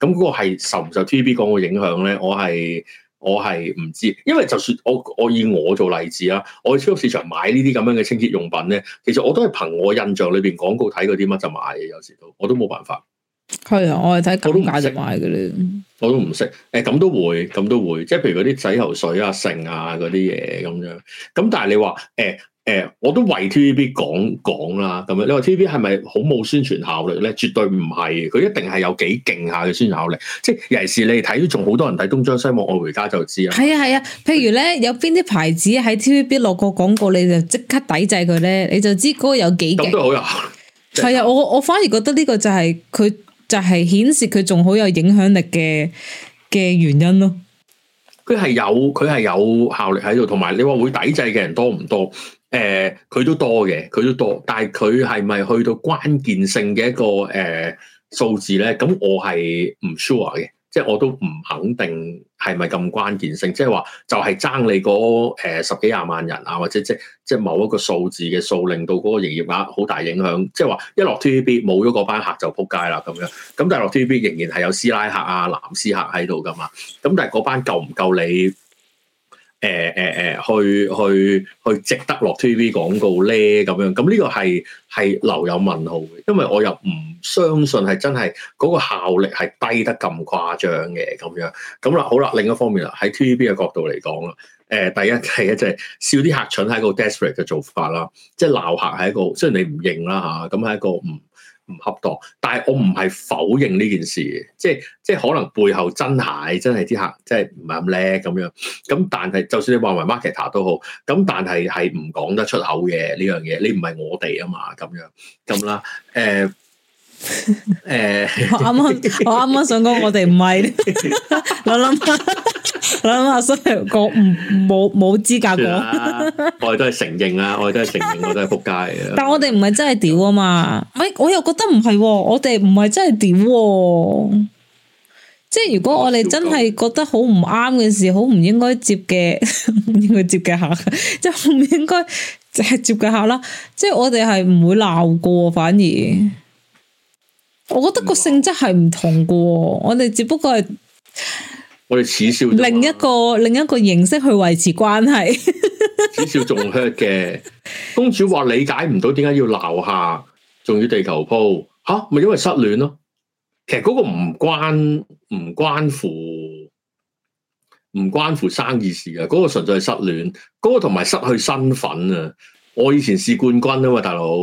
咁嗰個係受唔受 TVB 廣告影響咧？我係我係唔知，因為就算我我以我做例子啦，我去超級市場買呢啲咁樣嘅清潔用品咧，其實我都係憑我印象裏邊廣告睇嗰啲乜就買，有時都我都冇辦法。係啊，我係睇我都唔值買嘅咧。我都唔識誒，咁都會，咁都，都會，即係譬如嗰啲洗頭水啊、剩啊嗰啲嘢咁樣。咁但係你話誒？誒誒、欸，我都為 T V B 講講啦，咁樣你話 T V B 係咪好冇宣傳效力咧？絕對唔係，佢一定係有幾勁下嘅宣傳效力。即係尤其是你睇，仲好多人睇《東張西望愛回家》就知啦。係啊係啊，譬如咧，有邊啲牌子喺 T V B 落過廣告，你就即刻抵制佢咧，你就知嗰個有幾勁。咁都好有效。係啊，我我反而覺得呢個就係、是、佢就係顯示佢仲好有影響力嘅嘅原因咯。佢係有，佢係有效力喺度，同埋你話會抵制嘅人多唔多？誒佢、呃、都多嘅，佢都多，但係佢係咪去到關鍵性嘅一個誒、呃、數字咧？咁我係唔 sure 嘅，即係我都唔肯定係咪咁關鍵性。即係話就係爭你嗰、呃、十幾廿萬人啊，或者即即某一個數字嘅數，令到嗰個營業額好大影響。即係話一落 TVB 冇咗嗰班客就撲街啦咁樣。咁但係落 TVB 仍然係有師奶客啊、藍絲客喺度噶嘛。咁但係嗰班夠唔夠你？誒誒誒，去去去，去值得落 TV 廣告咧？咁樣咁呢個係係留有問號嘅，因為我又唔相信係真係嗰個效力係低得咁誇張嘅咁樣。咁啦，好啦，另一方面啦，喺 TVB 嘅角度嚟講啦，誒、呃、第一係嘅，即、就、係、是、笑啲客蠢係一個 desperate 嘅做法啦，即係鬧客係一個，雖然你唔認啦吓，咁係一個唔。唔恰當，但係我唔係否認呢件事，即係即係可能背後真係真係啲客，即係唔係咁叻咁樣，咁但係就算你話埋 market 都好，咁但係係唔講得出口嘅呢樣嘢，你唔係我哋啊嘛，咁樣咁啦，誒誒，我啱啱我啱啱 (laughs) 想講我哋唔係諗諗。諗 (laughs) 下，所以講唔冇冇資格講。我哋都係承認啦， (laughs) 我哋都係承認，我都係扑街嘅。但我哋唔係真係屌啊嘛，咪、哎、我又覺得唔係、哦，我哋唔係真係屌、哦。即係如果我哋真係覺得好唔啱嘅事，好唔應該接嘅， (laughs) 應該接嘅下， (laughs) 即係唔應該係接嘅下啦。即係我哋係唔會鬧過，反而我覺得個性質係唔同嘅。哇我哋只不過係。我哋恥笑另，另一個另一個形式去維持關係。恥笑仲 hurt 嘅公主話理解唔到點解要鬧客，仲要地球鋪吓，咪、啊、因為失戀咯？其實嗰個唔關唔關乎唔關乎生意事嘅，嗰、嗰個純粹係失戀，嗰、嗰個同埋失去身份啊！我以前是冠軍啊嘛，大佬，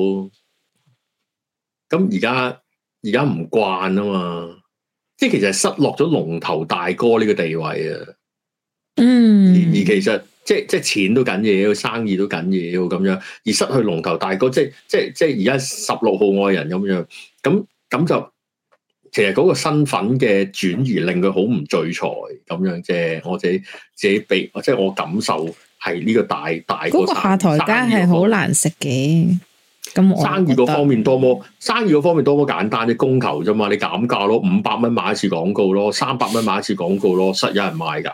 咁而家而家唔慣啊嘛。即係其實失落咗龍頭大哥呢個地位啊，嗯，而其實即係即係錢都緊要，生意都緊要，咁樣而失去龍頭大哥，即係即係即係而家十六號愛人咁樣，咁咁就其實嗰個身份嘅轉移令佢好唔聚財咁樣啫，我自己自己俾，即係我感受係呢個大大嗰個下台階係好難食嘅。生意嗰方面多麼？生意嗰方面多麼簡單啲，供求啫嘛。你減價咯，五百蚊買一次廣告咯，三百蚊買一次廣告咯，實有人買噶。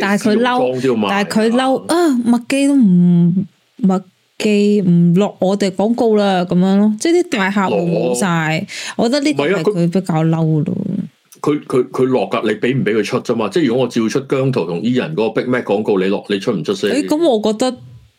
但係佢嬲，製但係佢嬲啊！麥記都唔麥記唔落我哋廣告啦，咁樣咯，即係啲大客冇晒。下我覺得呢啲係佢比較嬲咯。佢佢佢落噶，你俾唔俾佢出啫嘛？即係如果我照出姜濤同伊人嗰個 Big Mac 廣告，你落你出唔出聲？咁我覺得。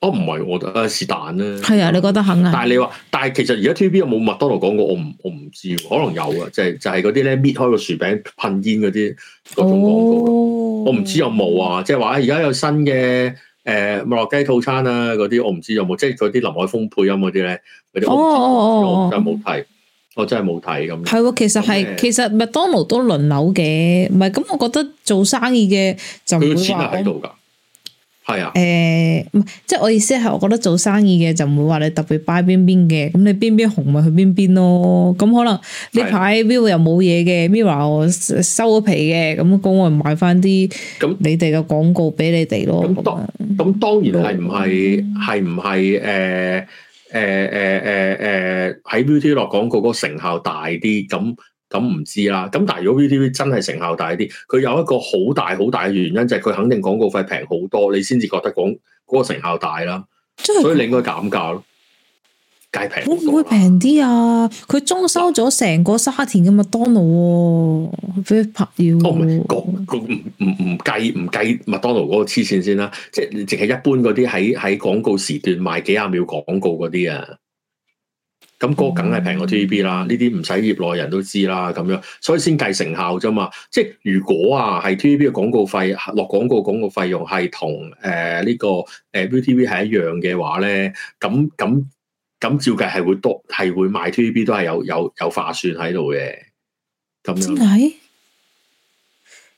哦，唔係我，我，誒是但咧，係啊，你覺得肯啊？但係你話，但係其實而家 TVB 有冇麥當勞廣告？我唔，我唔知，可能有啊，就係、是、就係嗰啲咧搣開個薯餅噴煙嗰啲各種廣告。哦、我唔知有冇啊，即係話而家有新嘅誒、呃、麥樂雞套餐啊嗰啲，我唔知有冇，即係嗰啲林海峰配音嗰啲咧，嗰啲我真係冇睇，我真係冇睇咁。係喎，其實係、嗯、其，其實麥當勞都輪流嘅，唔係咁，我覺得做生意嘅就唔會話佢嘅錢係喺度㗎。係啊，誒，唔係，即係我意思係，我覺得做生意嘅就唔會話你特別擺邊邊嘅，咁你邊邊紅咪去邊邊咯。咁可能呢排 Viu 又冇嘢嘅，Mirror 我收咗皮嘅，咁咁我買翻啲，咁你哋嘅廣告俾你哋咯。咁當咁當然係唔係係唔係誒誒誒誒誒喺 ViuTV 落廣告嗰個成效大啲咁。咁唔知啦，咁但係如果 VTV 真係成效大啲，佢有一個好大好大嘅原因，就係、是、佢肯定廣告費平好多，你先至覺得講嗰個成效大啦。真係、就是，所以你應該減價咯，計平。會唔會平啲啊？佢裝修咗成個沙田嘅麥當勞、哦哦啊，即係拍要。哦，唔係，唔唔唔計唔計麥當勞嗰個黐線先啦，即係淨係一般嗰啲喺喺廣告時段賣幾廿秒廣告嗰啲啊。咁嗰梗係平過 TVB 啦，呢啲唔使業內人都知啦，咁樣，所以先計成效啫嘛。即係如果啊，係 TVB 嘅廣告費落廣告廣告費用係同誒呢個誒、呃、ViuTV 係一樣嘅話咧，咁咁咁照計係會多係會賣 TVB 都係有有有化算喺度嘅，咁樣。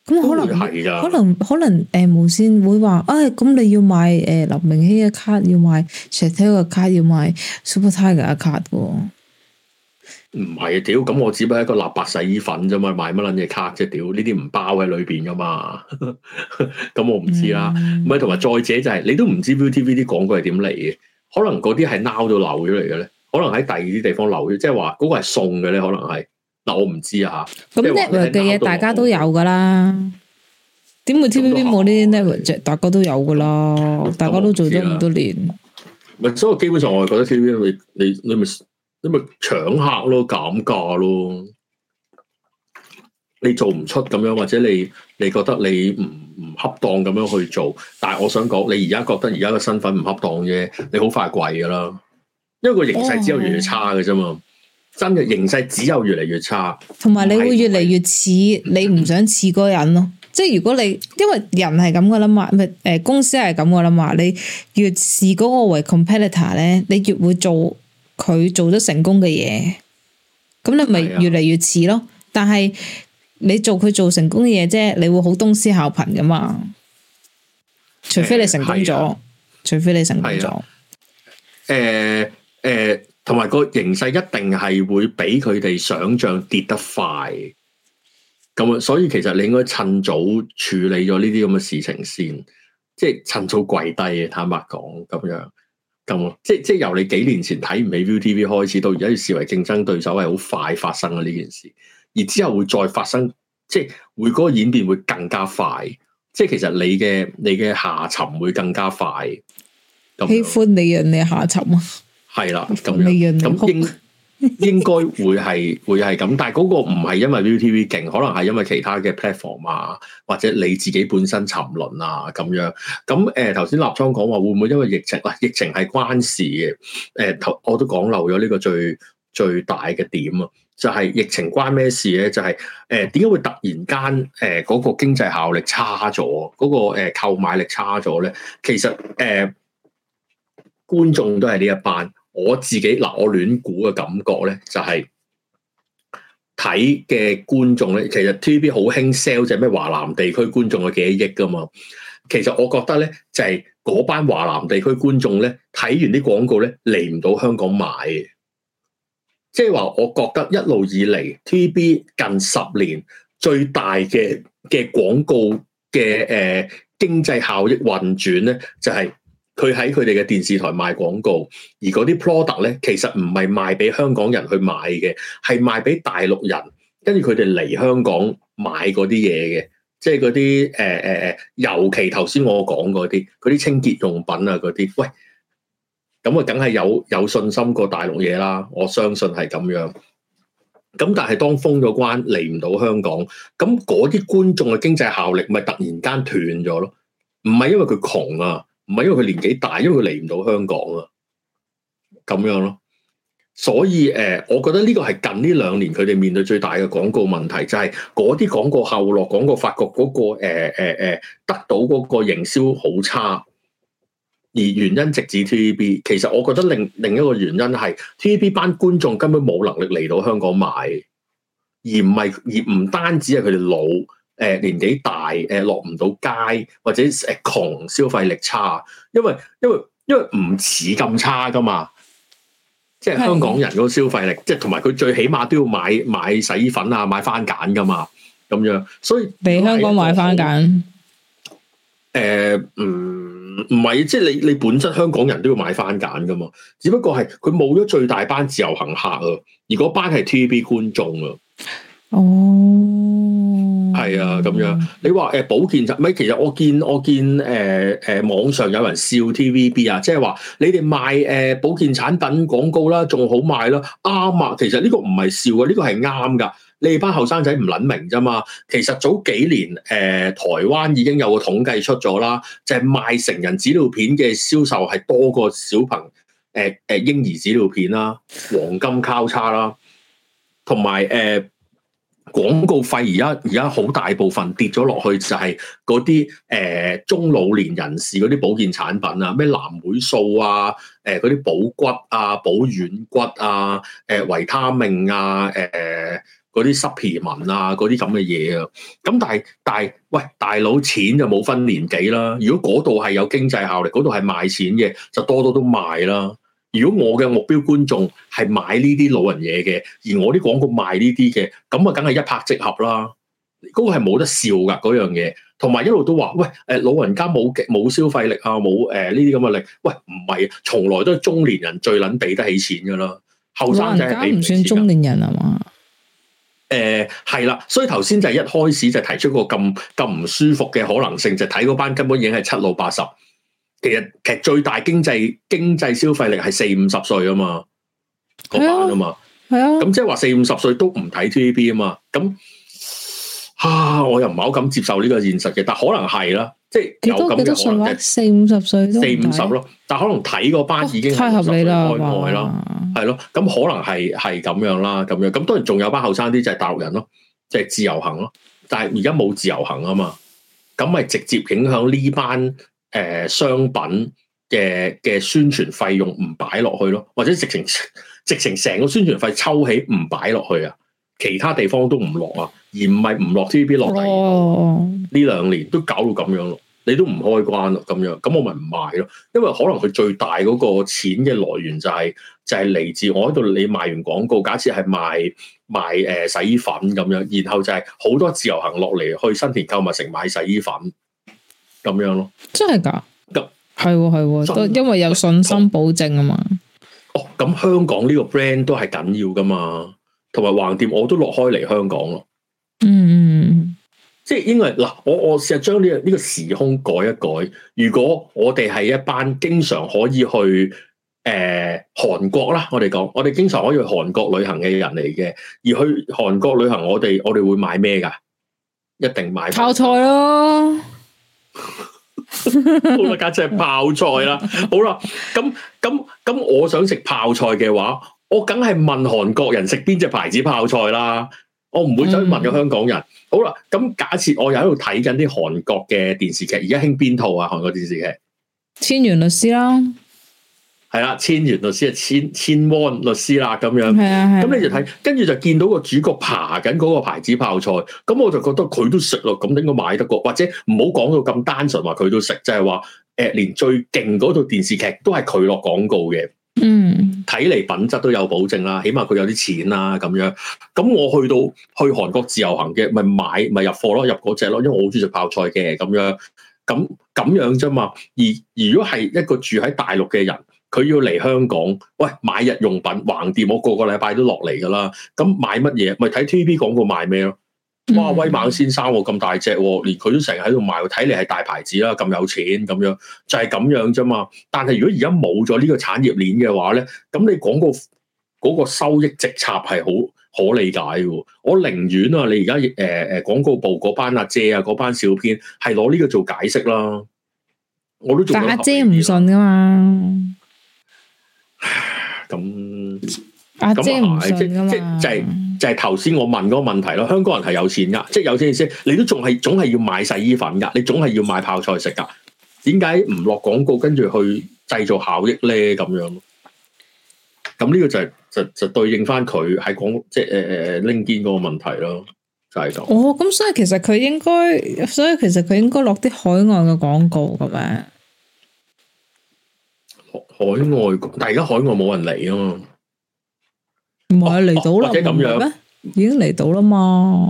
咁可能可能可能誒、呃，無綫會話，誒、哎，咁你要買誒林、呃、明熙嘅卡，要買 Shetel 嘅卡，要買 Super Tiger 嘅卡嘅。唔係啊，屌！咁我只不過一個立白洗衣粉啫嘛，買乜撚嘢卡啫？屌！呢啲唔包喺裏邊噶嘛。咁 (laughs) 我唔知啦。咪同埋再者就係、是，你都唔知 Viu TV 啲廣告係點嚟嘅。可能嗰啲係 now 到漏咗嚟嘅咧。可能喺第二啲地方漏咗，即係話嗰個係送嘅咧。可能係。但我唔知啊吓。咁 level 嘅嘢，大家都有噶啦。點會 T V B 冇呢啲 level 啫？啊、大家都有噶咯，嗯、大家都做咗咁多年。咪、嗯、所以基本上，我係覺得 T V B 你你你咪你咪搶客咯，減價咯。你做唔出咁樣，或者你你覺得你唔唔恰當咁樣去做，但係我想講，你而家覺得而家嘅身份唔恰當嘅，你好快貴噶啦。因為個形勢只有越差嘅啫嘛。嗯嗯真嘅形勢只有越嚟越差，同埋你會越嚟越似是你唔想似嗰個人咯。 (laughs) 即係如果你因為人係咁噶啦嘛，咪、呃、誒公司係咁噶啦嘛，你越似嗰個為 competitor 咧，你越會做佢做得成功嘅嘢。咁你咪越嚟越似咯。啊、但係你做佢做成功嘅嘢啫，你會好東施效顰噶嘛？除非你成功咗，啊、除非你成功咗、啊啊。誒誒。同埋個形勢一定係會比佢哋想象跌得快，咁啊！所以其實你應該趁早處理咗呢啲咁嘅事情先，即係趁早跪低。坦白講，咁樣咁，即係即係由你幾年前睇唔起 ViuTV 開始，到而家要視為競爭對手，係好快發生嘅呢件事，而之後會再發生，即係會嗰個演變會更加快。即係其實你嘅你嘅下沉會更加快。喜歡你人嘅下沉啊！係啦，咁樣咁應應該會係會係咁，但係嗰個唔係因為 ViuTV 勁，可能係因為其他嘅 platform 啊，或者你自己本身沉淪啊咁樣。咁誒、頭、呃、先立倉講話會唔會因為疫情？嗱、啊，疫情係關事嘅。誒、呃，頭我都講漏咗呢個最最大嘅點啊，就係、是、疫情關咩事咧？就係、是、誒、點、呃、解會突然間誒嗰個經濟效力差咗，嗰、那個誒購、呃、買力差咗咧？其實誒、呃，觀眾都係呢一班。我自己嗱，我亂估嘅感覺咧，就係睇嘅觀眾咧，其實 TVB 好興 sell 就係咩？華南地區觀眾有幾多億噶嘛？其實我覺得咧，就係嗰班華南地區觀眾咧，睇完啲廣告咧，嚟唔到香港買。即係話，我覺得一路以嚟 TVB 近十年最大嘅嘅廣告嘅誒、呃、經濟效益運轉咧，就係、是。佢喺佢哋嘅電視台賣廣告，而嗰啲 product 咧，其實唔係賣俾香港人去買嘅，係賣俾大陸人，跟住佢哋嚟香港買嗰啲嘢嘅，即係嗰啲誒誒誒，尤其頭先我講嗰啲，嗰啲清潔用品啊嗰啲，喂，咁啊，梗係有有信心過大陸嘢啦，我相信係咁樣。咁但係當封咗關嚟唔到香港，咁嗰啲觀眾嘅經濟效力，咪突然間斷咗咯。唔係因為佢窮啊。唔係因為佢年紀大，因為佢嚟唔到香港啊，咁樣咯。所以誒、呃，我覺得呢個係近呢兩年佢哋面對最大嘅廣告問題，就係嗰啲廣告後落廣告發覺嗰個誒誒、呃呃、得到嗰個營銷好差，而原因直指 TVB。其實我覺得另另一個原因係 TVB 班觀眾根本冇能力嚟到香港買，而唔係而唔單止係佢哋老。誒、呃、年紀大，誒落唔到街，或者誒、呃、窮，消費力差，因為因為因為唔似咁差噶嘛，即係香港人嗰個消費力，嗯、即係同埋佢最起碼都要買買洗衣粉啊，買番梘噶嘛，咁樣，所以俾香港買番梘。誒唔唔係，即係你你本身香港人都要買番梘噶嘛，只不過係佢冇咗最大班自由行客啊，而嗰班係 TVB 觀眾眾啊，哦。係啊，咁樣、嗯、你話誒保健產咪？其實我見我見誒誒、呃呃、網上有人笑 TVB 啊，即係話你哋賣誒、呃、保健產品廣告啦，仲好賣啦，啱啊！其實呢個唔係笑啊，呢、這個係啱噶。你哋班後生仔唔捻明啫嘛。其實早幾年誒、呃、台灣已經有個統計出咗啦，就係、是、賣成人紙尿片嘅銷售係多過小朋誒誒、呃呃、嬰兒紙尿片啦，黃金交叉啦，同埋誒。呃廣告費而家而家好大部分跌咗落去就係嗰啲誒中老年人士嗰啲保健產品啊，咩藍莓素啊，誒嗰啲補骨啊、補軟骨啊、誒、呃、維他命啊、誒嗰啲濕皮紋啊嗰啲咁嘅嘢啊，咁但係但係喂大佬錢就冇分年紀啦，如果嗰度係有經濟效力，嗰度係賣錢嘅，就多多都賣啦。如果我嘅目標觀眾係買呢啲老人嘢嘅，而我啲廣告賣呢啲嘅，咁啊，梗係一拍即合啦。嗰、那個係冇得笑噶嗰樣嘢，同埋一路都話喂，誒，老人家冇冇消費力啊，冇誒呢啲咁嘅力。喂，唔係，從來都係中年人最捻俾得起錢噶啦，後生仔真係俾唔起錢。老人家唔算中年人啊嘛？誒、呃，係啦，所以頭先就係一開始就提出個咁咁唔舒服嘅可能性，就睇嗰班根本已經係七老八十。其實其實最大經濟經濟消費力係四五十歲啊嘛，嗰班啊嘛，係啊，咁、啊、即係話四五十歲都唔睇 TVB 啊嘛，咁吓、啊、我又唔係好敢接受呢個現實嘅，但可能係啦，即係有咁嘅可能嘅，四五十歲四五十咯，但可能睇嗰班已經係五十歲開外啦，係咯，咁可能係係咁樣啦，咁樣咁當然仲有班後生啲就係大陸人咯，即係自由行咯，但係而家冇自由行啊嘛，咁咪直接影響呢班。誒、呃，商品嘅嘅宣傳費用唔擺落去咯，或者直情直情成個宣傳費抽起唔擺落去啊，其他地方都唔落啊，而唔係唔落 TVB 落嚟。呢、哦、兩年都搞到咁樣咯，你都唔開關咯，咁樣咁我咪唔賣咯，因為可能佢最大嗰個錢嘅來源就係、是、就係、是、嚟自我喺度你賣完廣告，假設係賣賣誒、呃、洗衣粉咁樣，然後就係好多自由行落嚟去新田購物城買洗衣粉。咁樣咯，真係噶，咁係喎係喎，都因為有信心保證啊嘛。哦，咁香港呢個 brand 都係緊要噶嘛，同埋橫掂我都落開嚟香港咯。嗯，即係因為嗱，我我成日將呢個呢個時空改一改。如果我哋係一班經常可以去誒韓國啦，我哋講，我哋經常可以去韓國旅行嘅人嚟嘅，而去韓國旅行我，我哋我哋會買咩噶？一定買泡菜咯。 (laughs) 好啦，假設係泡菜啦，好啦，咁咁咁，我想食泡菜嘅話，我梗係問韓國人食邊隻牌子泡菜啦，我唔會想問個香港人。嗯、好啦，咁假設我又喺度睇緊啲韓國嘅電視劇，而家興邊套啊？韓國電視劇《千元律師》啦。係啦，千元律師啊，千千萬律師啦，咁樣，咁你就睇，跟住就見到個主角爬緊嗰個牌子泡菜，咁我就覺得佢都食咯，咁應該買得過，或者唔好講到咁單純話佢都食，即係話誒，連最勁嗰套電視劇都係佢落廣告嘅，嗯，睇嚟品質都有保證啦，起碼佢有啲錢啦，咁樣，咁我去到去韓國自由行嘅，咪買咪入貨咯，入嗰隻咯，因為我好鍾意食泡菜嘅，咁樣，咁咁樣啫嘛，而如果係一個住喺大陸嘅人。佢要嚟香港，喂，買日用品橫掂，我個個禮拜都落嚟噶啦。咁買乜嘢？咪睇 T.V.B. 廣告賣咩咯？哇！威猛先生喎、哦，咁大隻喎、哦，連佢都成日喺度賣。睇你係大牌子啦，咁有錢咁樣，就係、是、咁樣啫嘛。但係如果而家冇咗呢個產業鏈嘅話咧，咁你廣告嗰個收益直插係好可理解嘅。我寧願啊，你而家誒誒廣告部嗰班阿姐啊，嗰班小編係攞呢個做解釋啦。我都做阿姐唔信噶嘛。咁啊，嗯、即係即係即就係、是、就頭、是、先、就是、我問嗰個問題咯，香港人係有錢噶，即、就、係、是、有錢意思，你都仲係總係要買洗衣粉噶，你總係要買泡菜食噶，點解唔落廣告跟住去製造效益咧？咁樣咯，咁呢、這個就係就就對應翻佢喺廣即係誒誒拎堅嗰個問題咯，就係、是、咁。哦，咁所以其實佢應該，所以其實佢應該落啲海外嘅廣告嘅咩？海外，但係而家海外冇人嚟啊嘛，唔係嚟到啦，哦哦，或者咁樣，樣已經嚟到啦嘛。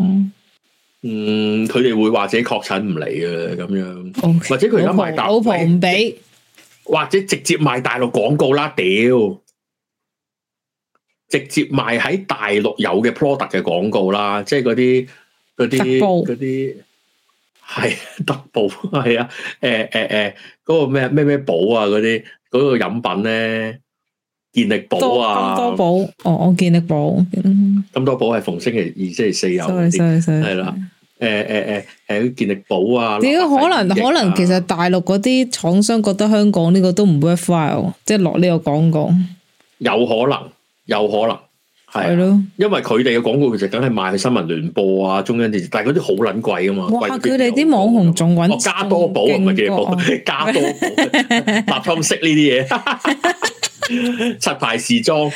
嗯，佢哋會話自己確診 okay, 或者確診唔嚟啊，咁樣，或者佢而家賣大陸，唔俾，或者直接賣大陸廣告啦，屌，直接賣喺大陸有嘅 product 嘅廣告啦，即係嗰啲嗰啲嗰啲係特步，係啊，誒誒誒，嗰個咩咩咩寶啊嗰啲。哎那個嗰個飲品咧健力寶啊，金多寶哦，我健力寶，金多寶係逢星期二、星期四有，係啦，誒誒誒，係嗰健力寶啊，點可能？啊、可能其實大陸嗰啲廠商覺得香港呢個都唔 worthwhile，即係落呢個廣告，有可能，有可能。係咯對，因為佢哋嘅廣告其實梗係賣新聞聯播啊、中央電視，但係嗰啲好捻貴噶嘛。佢哋啲網紅仲搵、哦、加多寶唔係幾加多寶、立湯式呢啲嘢，柒牌 (laughs) 寶 (laughs) (laughs) 時裝、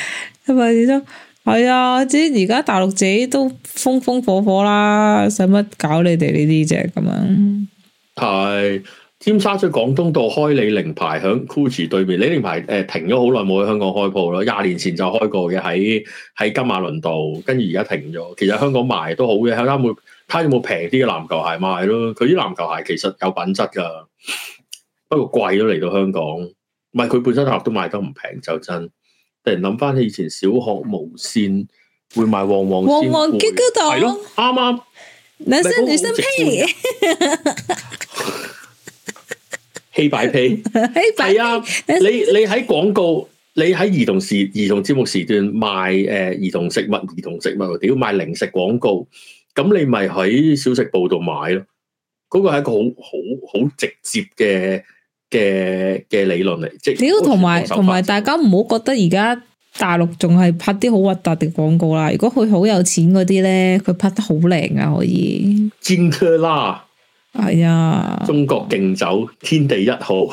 柒牌時裝，係啊！之而家大陸自己都風風火火啦，使乜搞你哋呢啲啫？咁樣 (laughs) (laughs) 。係。尖沙咀廣東道開李寧牌喺 Gucci 對面，李寧牌誒、呃、停咗好耐冇喺香港開鋪咯，廿年前就開過嘅喺、喺金馬倫道，跟住而家停咗。其實香港賣都好嘅，睇有冇、睇有冇平啲嘅籃球鞋賣咯。佢啲籃球鞋其實有品質噶，不過貴咗嚟，到香港，唔係佢本身鞋都賣得唔平就真。突然諗翻起以前小學無綫會賣旺旺、旺旺 QQ 糖，係咯，啱啱男生女生配。欺 Hey (laughs) 白皮，係啊的！你你喺廣告，你喺兒童時 (laughs) 兒童節目時段賣誒兒童食物，兒童食物，屌賣零食廣告，咁你咪喺小食部度買咯。嗰、那個係一個好好好直接嘅嘅嘅理論嚟，即係屌同埋同埋，大家唔好覺得而家大陸仲係拍啲好核突嘅廣告啦。如果佢好有錢嗰啲咧，佢拍得好靚啊！可以，金坷係啊！中國勁酒天地一號，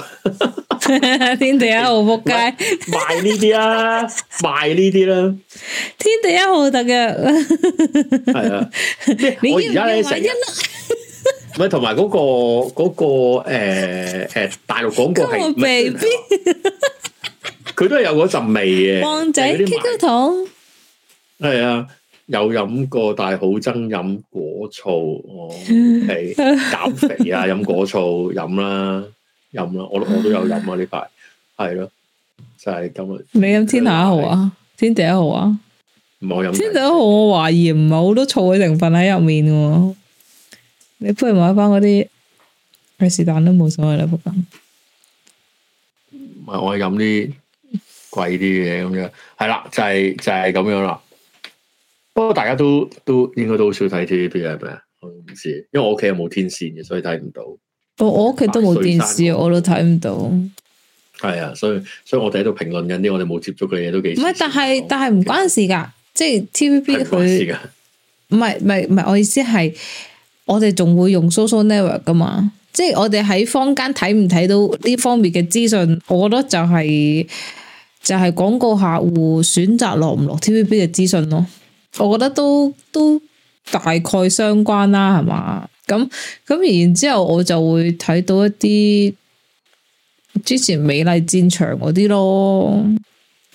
天地一號仆街，賣呢啲啦，賣呢啲啦，天地一號特約，係啊，我而家喺一齊，唔係同埋嗰個嗰個誒誒大陸廣告係未必，佢都係有嗰陣味嘅，旺仔 QQ 糖，係啊。有飲過，但係好憎飲果醋，我係減肥啊，飲果醋飲啦，飲啦，我我都有飲啊呢排，係咯，就係咁啊。你飲天下一號啊，天地一號啊，唔係，我飲。天地一號，我懷疑唔係好多醋嘅成分喺入面嘅。你不如買翻嗰啲，阿是但都冇所謂啦，仆咁。唔係我係飲啲貴啲嘅咁樣，係啦，就係就係咁樣啦。不過大家都都應該都好少睇 T V B 係咪啊？我唔知，因為我屋企又冇天線嘅，所以睇唔到。哦，我我屋企都冇電視，我都睇唔到。係啊，所以所以我哋喺度評論緊啲我哋冇接觸嘅嘢都幾唔係，但係但係唔關事噶，即係 T V B 佢唔係唔係唔係，我意思係我哋仲會用 social network 噶嘛？即係我哋喺坊間睇唔睇到呢方面嘅資訊？我覺得就係就係廣告客戶選擇落唔落 T V B 嘅資訊咯。我覺得都都大概相關啦，係嘛？咁咁然之後我就會睇到一啲之前美麗戰場嗰啲咯。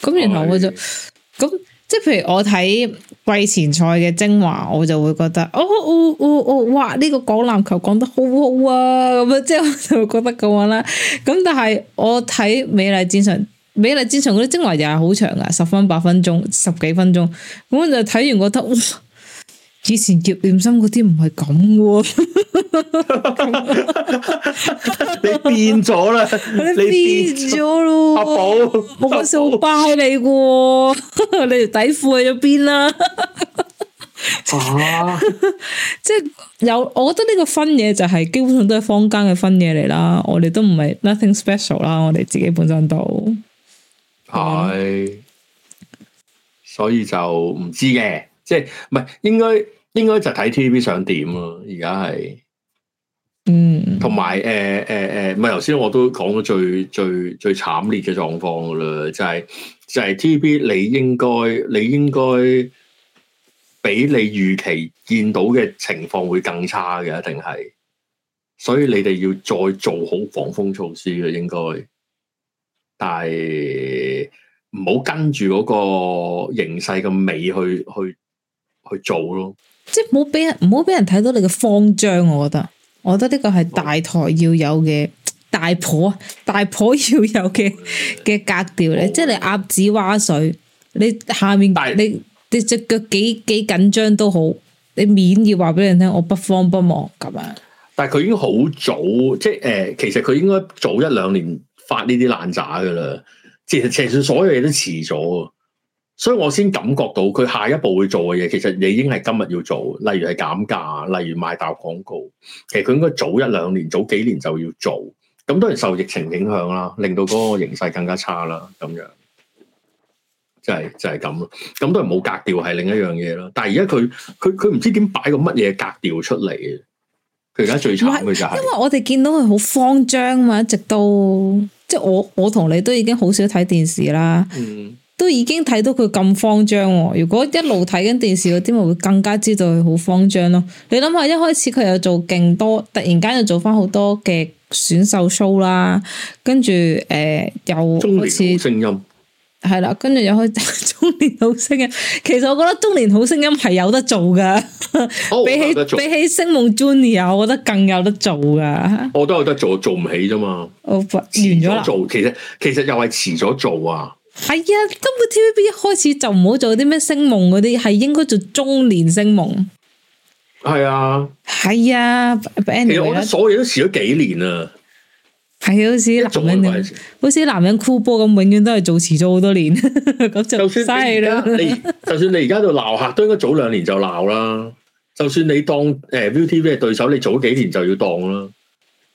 咁然後我就咁即係，譬如我睇季前賽嘅精華，我就會覺得哦哦哦哦，哇！呢個講籃球講得好好啊，咁樣，即係我就會覺得咁啦。咁但係我睇美麗戰場。美麗戰場嗰啲精華又係好長噶，十分八分鐘，十幾分鐘，咁就睇完覺得，嘩，以前葉念琛嗰啲唔係咁噶， (laughs) (laughs) (laughs) 你變咗啦， (laughs) 你變咗咯，阿寶，我想拜你噶， (laughs) 你條底褲去咗邊啦？ (laughs) 啊、 (laughs) 即係有，我覺得呢個分嘢就係、是、基本上都係坊間嘅分嘢嚟啦，我哋都唔係 nothing special 啦，我哋自己本身都。.係、哎，所以就唔知嘅，即係唔係應該應該就睇 T V B 想點咯，而家係，嗯，同埋誒誒誒，唔係頭先我都講咗最最最慘烈嘅狀況噶啦，就係就係 T V B，你應該你應該比你預期見到嘅情況會更差嘅，一定係，所以你哋要再做好防風措施嘅，應該。但係唔好跟住嗰個形勢嘅尾去去去做咯，即係唔好俾人唔好俾人睇到你嘅慌張。我覺得，我覺得呢個係大台要有嘅、嗯、大婆，大婆要有嘅嘅 (laughs) 格調調咧。嗯、即係你鴨子蛙水，你下面是你你隻腳幾幾緊張都好，你面要話俾人聽，我不慌不忙咁樣。但係佢已經好早，即係誒、呃，其實佢應該早一兩年。發呢啲爛渣噶啦，其實其實所有嘢都遲咗，所以我先感覺到佢下一步會做嘅嘢，其實已經係今日要做，例如係減價，例如賣大廣告，其實佢應該早一兩年，早幾年就要做，咁當然受疫情影響啦，令到嗰個形勢更加差啦，咁樣，就係就係咁咯，咁都係冇格調係另一樣嘢咯，但係而家佢佢佢唔知點擺個乜嘢格調出嚟啊！佢而家最慘嘅就係，因為我哋見到佢好慌張啊嘛，一直都。即係我我同你都已經好少睇電視啦，嗯、都已經睇到佢咁慌張。如果一路睇緊電視嗰啲咪會更加知道佢好慌張咯。你諗下一開始佢又做勁多，突然間又做翻、呃、好多嘅選秀 show 啦，跟住誒又開始。係啦，跟住又可以中年好聲音。其實我覺得中年好聲音係有得做噶， (laughs) 比起、oh, 比起星夢 Junior，我覺得更有得做噶。我都有得做，做唔起啫嘛。我、oh, but, 完咗了做，其實其實又係遲咗做啊。係啊、哎，根本 TVB 一開始就唔好做啲咩星夢嗰啲，係應該做中年星夢。係啊，係 (laughs) 啊，anyway, 其實我覺得所有都遲咗幾年啊。係好似男人咁，好似男人箍波咁，永遠都係做遲咗好多年。咁 (laughs) 就，就算你而家你，就算你而家度鬧客，都應該早兩年就鬧啦。就算你當誒 ViuTV 嘅對手，你早幾年就要當啦。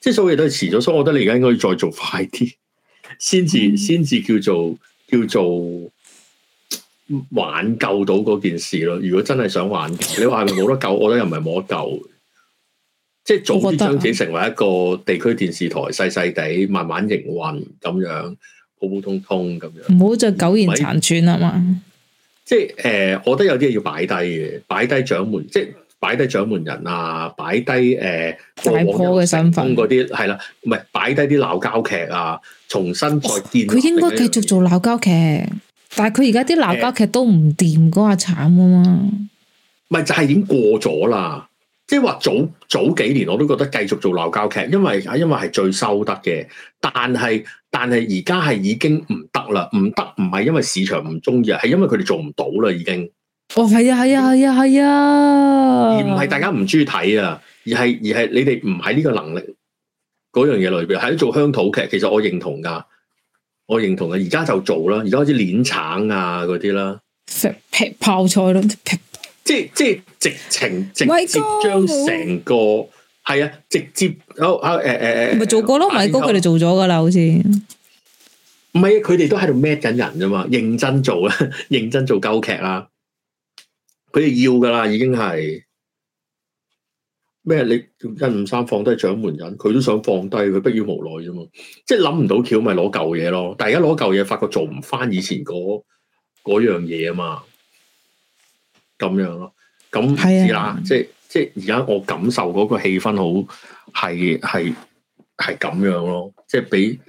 即係所有嘢都係遲咗，所以我覺得你而家應該要再做快啲，先至先至叫做叫做挽救到嗰件事咯。如果真係想挽救，你話係咪冇得救？我覺得又唔係冇得救。即係早啲將自己成為一個地區電視台，細細地慢慢營運咁樣，普普通通咁樣，唔好再苟延殘喘啊嘛！即係誒、呃，我覺得有啲嘢要擺低嘅，擺低掌門，即係擺低掌門人啊，擺低誒，過往嘅身份嗰啲係啦，唔係擺低啲鬧交劇啊，重新再建。佢、哦、應該繼續做鬧交劇，但係佢而家啲鬧交劇都唔掂，嗰下慘啊嘛！咪就係、是、已經過咗啦。即係話早早幾年我都覺得繼續做鬧交劇，因為因為係最收得嘅。但係但係而家係已經唔得啦，唔得唔係因為市場唔中意啊，係因為佢哋做唔到啦已經。哦，係啊，係啊，係啊，係啊。而唔係大家唔中意睇啊，而係而係你哋唔喺呢個能力嗰樣嘢裏邊，喺做鄉土劇。其實我認同㗎，我認同嘅。而家就做啦，而家開始攣橙啊嗰啲啦，食劈泡菜咯。即係即係直情直接將成個係啊，直接好啊誒誒誒，咪做過咯，米高佢哋做咗噶啦，好似唔係啊，佢哋都喺度孭緊人啫嘛，認真做啊，認真做鳩劇啦，佢哋要噶啦，已經係咩？你一五三放低掌門人，佢都想放低，佢迫於無奈啫嘛。即係諗唔到橋，咪攞舊嘢咯。但係而家攞舊嘢，發覺做唔翻以前嗰嗰樣嘢啊嘛。咁樣咯，咁係啊。即係即係而家我感受嗰個氣氛好係係係咁樣咯，即係俾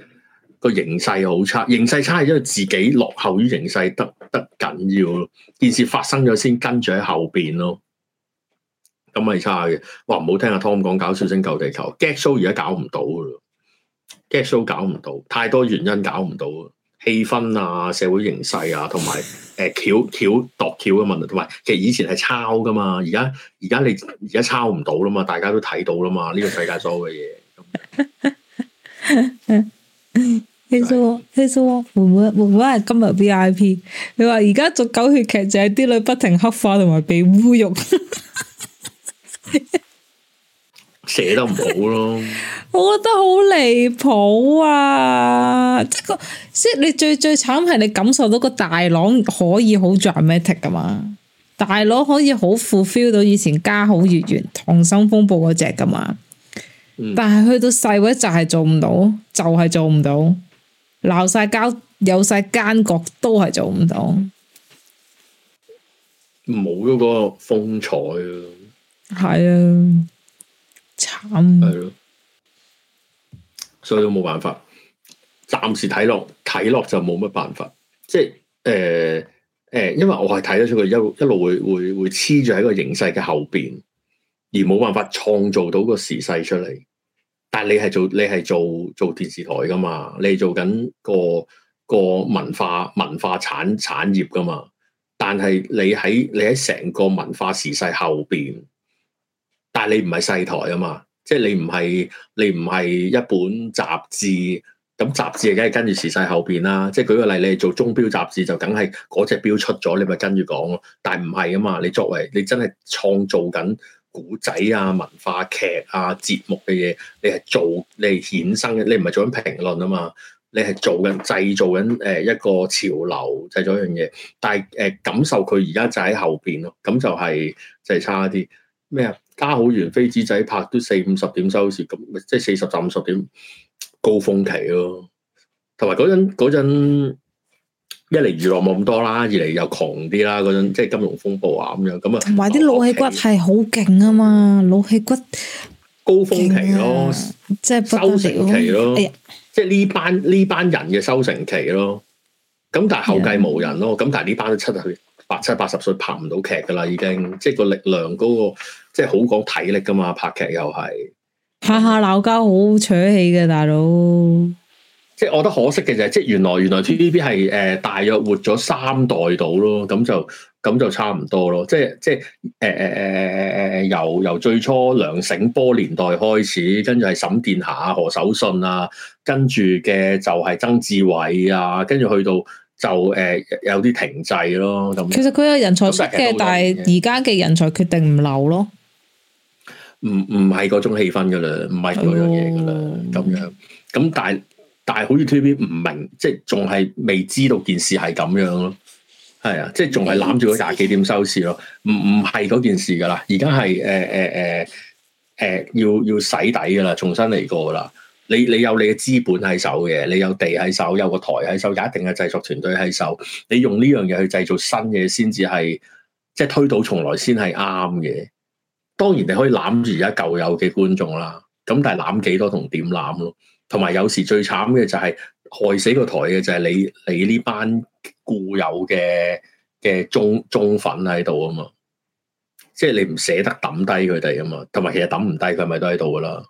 個形勢好差，形勢差係因為自己落後於形勢得得緊要咯，件事發生咗先跟住喺後邊咯，咁咪差嘅。話，唔好聽阿 Tom 講搞笑星救地球 Gag Show 而家搞唔到嘅咯。Gag Show 搞唔到，太多原因搞唔到。氣氛啊，社會形勢啊，同埋誒橋橋度橋嘅問題，同埋其實以前係抄噶嘛，而家而家你而家抄唔到啦嘛，大家都睇到啦嘛，呢、這個世界所有嘅嘢。Facebook，Facebook，妹妹妹妹係今日 V I P，你話而家做狗血劇就係啲女不停黑化同埋被侮辱。寫得唔好咯， (laughs) 我覺得好離譜啊！ (laughs) 即個即你最最慘係你感受到個大佬可以好 dramatic 噶嘛，大佬可以好 fulfill 到以前家好月圓、溏心風暴嗰隻噶嘛，但係去到細位就係做唔到，就係、是、做唔到，鬧晒交有晒奸角都係做唔到，冇咗個風采啊！係啊。係咯慘，所以都冇辦法，暫時睇落睇落就冇乜辦法。即係誒誒，因為我係睇得出佢一一路會會會黐住喺個形勢嘅後邊，而冇辦法創造到個時勢出嚟。但係你係做你係做你做，做電視台噶嘛，你係做緊個個文化文化產產業噶嘛，但係你喺你喺成個文化時勢後邊。但係你唔係細台啊嘛，即係你唔係你唔係一本雜誌，咁雜誌梗係跟住時勢後邊啦。即係舉個例，你係做鐘表雜誌就梗係嗰隻表出咗，你咪跟住講咯。但係唔係啊嘛，你作為你真係創造緊古仔啊、文化劇啊、節目嘅嘢，你係做你係衍生嘅，你唔係做緊評論啊嘛，你係做緊製造緊誒一個潮流，製造一樣嘢。但係誒、呃、感受佢而家就喺後邊咯，咁就係、是、就係、是、差啲咩啊？加好完飛子仔拍都四五十點收視咁，即係四十站五十點高峰期咯。同埋嗰陣嗰陣一嚟娛樂冇咁多啦，二嚟又窮啲啦。嗰陣即係金融風暴啊咁樣咁啊。同埋啲老氣骨係好勁啊嘛，老氣骨、啊、高峰期咯，即係收成期咯，哎、呀即係呢班呢班人嘅收成期咯。咁但係後繼無人咯，咁 Yeah. 但係呢班都出得去。八七八十歲拍唔到劇噶啦，已經即係個力量嗰個，即係好講體力噶嘛，拍劇又係下下鬧交好扯氣嘅大佬，即係我覺得可惜嘅就係，即係原來原來 TVB 係誒、呃、大約活咗三代到咯，咁就咁就差唔多咯，即係即係誒誒誒誒誒誒由由最初梁醒波年代開始，跟住係沈殿霞、何守信啊，跟住嘅就係曾志偉啊，跟住去到。就誒、呃、有啲停滯咯，其實佢有人才識嘅，但係而家嘅人才決定唔留咯。唔唔係嗰種氣氛噶啦，唔係嗰樣嘢噶啦，咁、哦、樣咁，但係但係好似 TVB 唔明，即係仲係未知道件事係咁樣咯。係啊，即係仲係攬住嗰廿幾點收視咯。唔唔係嗰件事噶啦，而家係誒誒誒誒要要洗底噶啦，重新嚟過啦。你你有你嘅資本喺手嘅，你有地喺手，有個台喺手，有一定嘅製作團隊喺手，你用呢樣嘢去製造新嘢，先至係即係推倒重來，先係啱嘅。當然你可以攬住而家舊有嘅觀眾啦，咁但係攬幾多同點攬咯？同埋有，有時最慘嘅就係害死個台嘅，就係你你呢班固有嘅嘅忠忠粉喺度啊嘛，即係你唔捨得抌低佢哋啊嘛，同埋其實抌唔低佢咪都喺度噶啦。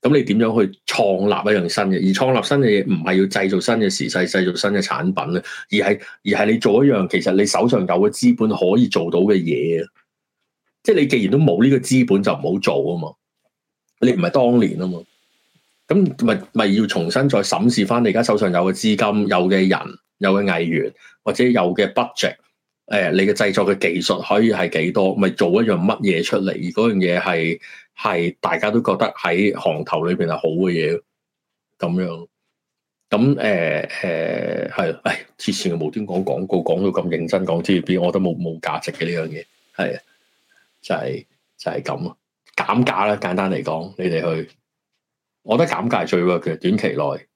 咁你點樣去創立一樣新嘅？而創立新嘅嘢唔係要製造新嘅時勢、製造新嘅產品咧，而係而係你做一樣其實你手上有嘅資本可以做到嘅嘢啊！即係你既然都冇呢個資本就唔好做啊嘛！你唔係當年啊嘛？咁咪咪要重新再審視翻你而家手上有嘅資金、有嘅人、有嘅藝員或者有嘅 budget。誒、哎，你嘅製作嘅技術可以係幾多？咪做一樣乜嘢出嚟？而果樣嘢係係大家都覺得喺行頭裏邊係好嘅嘢咁樣咁誒誒係誒，之前嘅無端講廣告，講、嗯嗯哎、到咁認真講 TVB，我覺得冇冇價值嘅呢樣嘢，係啊，就係、是、就係咁咯，減價啦，簡單嚟講，你哋去，我覺得減價係最關鍵，短期內，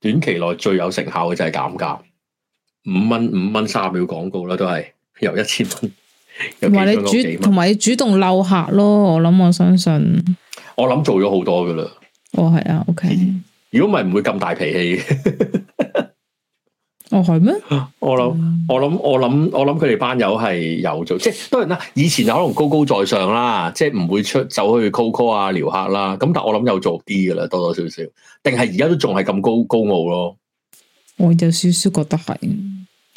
短期內最有成效嘅就係減價。五蚊五蚊三十秒廣告啦，都係由一千蚊。同埋你主，同埋你主動撩客咯。我諗我相信，我諗做咗好多噶啦。哦，係啊，OK。如果咪唔會咁大脾氣。 (laughs) 哦係咩想、嗯？我諗我諗我諗我諗佢哋班友係有做，即係當然啦。以前就可能高高在上啦，即係唔會出走去 call call 啊撩客啦。咁但係我諗有做啲噶啦，多多少少。定係而家都仲係咁高高傲咯。我有少少覺得係。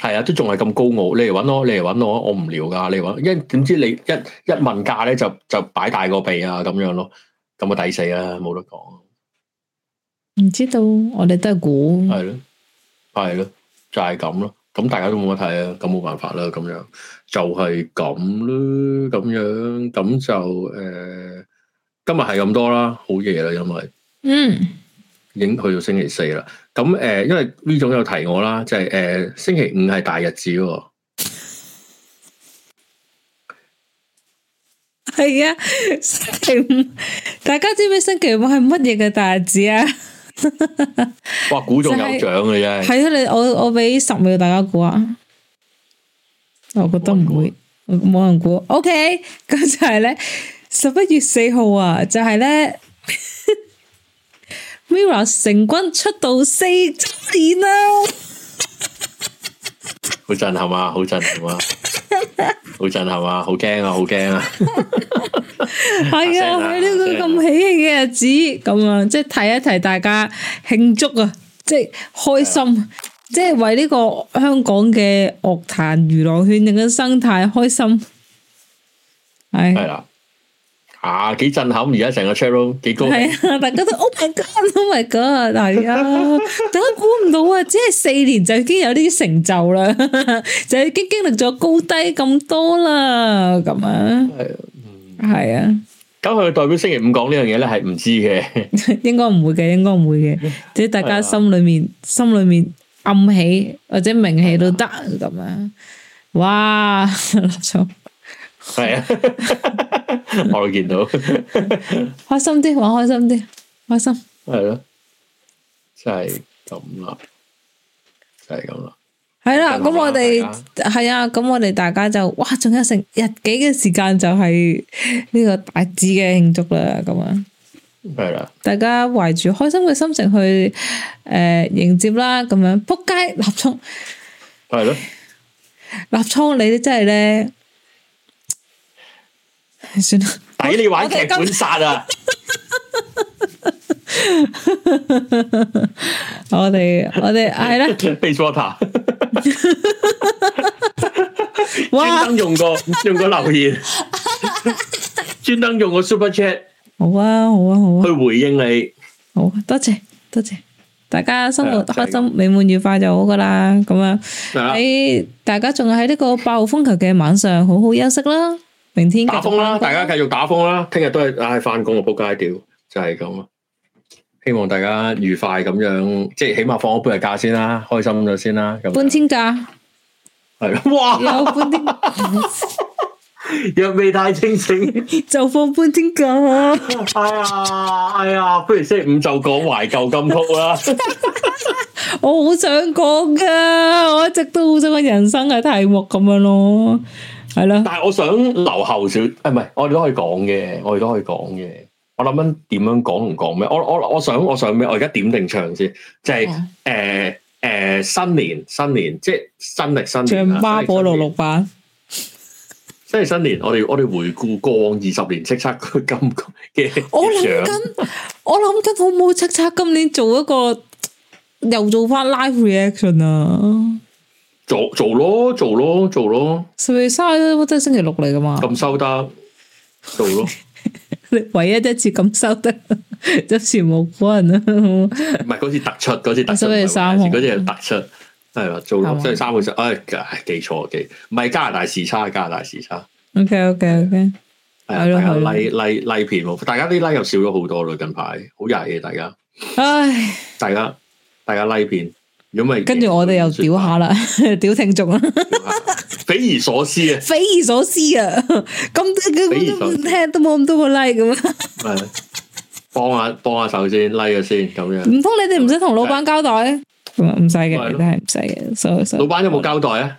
係啊，都仲係咁高傲。你嚟搵我，你嚟搵我，我唔聊噶。你嚟搵，因點知你一一問價咧，就就擺大個鼻啊，咁樣咯，咁嘅抵死啊，冇得講。唔知道，我哋都係估。係咯，係咯，就係咁咯。咁大家都冇乜睇啊，咁冇辦法啦。咁樣就係咁咯。咁樣咁就誒，今日係咁多啦。好夜啦，因為嗯，已經去到星期四啦。咁誒，因為 V 總有提我啦，就係誒星期五係大日子喎。係啊，星期五，大家知唔知星期五係乜嘢嘅大日子啊？哇，估中有獎嘅啫。係啊，你我我俾十秒大家估啊。我覺得唔會，冇人估。OK，咁就係咧，十一月四號啊，就係咧。Mira 成軍出道四周年啦！好震撼啊！好震撼啊！好震撼啊！好驚啊！好驚啊！係啊！喺呢個咁喜慶嘅日子，咁啊，即係提一提大家慶祝啊！即係開心，即係為呢個香港嘅樂壇娛樂圈嘅生態開心。係。係啦！啊，幾震撼！而家成個 channel 幾高，係啊，大家都 Oh my God，Oh my God，係啊，大家估唔到啊，只係四年就已經有呢啲成就啦，就已經經歷咗高低咁多啦，咁啊，係啊，係啊，咁係咪代表星期五講呢樣嘢咧？係唔知嘅，應該唔會嘅，應該唔會嘅，即係大家心裏面心裏面暗喜或者明喜都得，咁啊，哇，立咗。係啊，我會見到開心啲，玩開心啲，開心。係咯，就係咁啦，就係咁啦。係啦，咁我哋係啊，咁我哋大家就哇，仲有成日幾嘅時間就係呢個大致嘅慶祝啦，咁啊。係啦。大家懷住開心嘅心情去誒迎接啦，咁樣扑街立倉。係咯，立倉你啲真係咧。算啦，抵你玩劇本殺啊！我哋我哋係啦，facebot，專登用個用個留言，專登用個 super chat，好啊好啊好啊，去回應你，好，多謝多謝，大家生活開心美滿愉快就好噶啦，咁樣，你大家仲喺呢個暴風球嘅晚上好好休息啦。明天打風，啦，啊，大家繼續打風啦。聽日都係唉翻工啊，撲街屌，就係咁咯。希望大家愉快咁樣，即係起碼放半日假先啦，啊，開心咗先啦，啊。咁半天假係哇有半天假 (laughs) 若未太清醒， (laughs) 就放半天假。 (laughs) 哎呀，哎呀，不如星期五就講懷舊金曲啦。 (laughs) (laughs) 我好想講噶，我一直都好中意人生嘅題目咁樣咯。 (laughs) 係咯，但係我想留後少，誒唔係，我哋都可以講嘅，我哋都可以講嘅。我諗緊點樣講，唔講咩？我我我想我想咩？我而家點定唱先？就係誒誒新年新年，即係新曆新年啊！唱巴婆六六版，即係新年，我哋我哋回顧過往二十年叱咤。佢咁嘅，我諗緊，我諗緊，好唔好叱咤今年做一個又做翻 live reaction 啊！做做咯，做咯，做咯。十月三都都星期六嚟噶嘛？咁收得做咯，唯一一次咁收得，一時冇關啊。唔係嗰次突出，嗰次突出，嗰次突出，係啦，做落所以三個就，哎，記錯記，唔係加拿大時差，加拿大時差。OK OK OK，係啊，拉拉拉片，大家啲 like 又少咗好多咯，近排好曳啊，大家。唉，大家大家 like 片。咁咪跟住我哋又屌下啦，屌聽眾啦，匪夷所思啊！匪夷所思啊！咁咁都唔聽，都冇咁多個 like 咁啊！係，幫下幫下手先，like 咗先咁樣。唔通你哋唔使同老闆交代？唔使嘅，真係唔使嘅。老老闆有冇交代啊？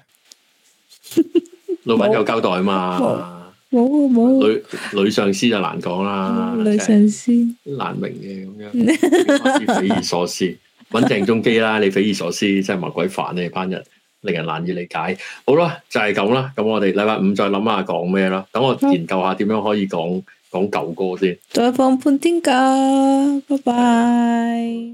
老闆有交代啊嘛，冇冇女女上司就難講啦，女上司難明嘅咁樣，匪夷所思。揾， (laughs) 鄭中基啦，你匪夷所思，真係麻鬼煩你哋班人，令人難以理解。好、就係、啦，就係咁啦，咁我哋禮拜五再諗下講咩啦，等我研究下點樣可以講講舊歌先。 (music) 再放半天假，拜拜。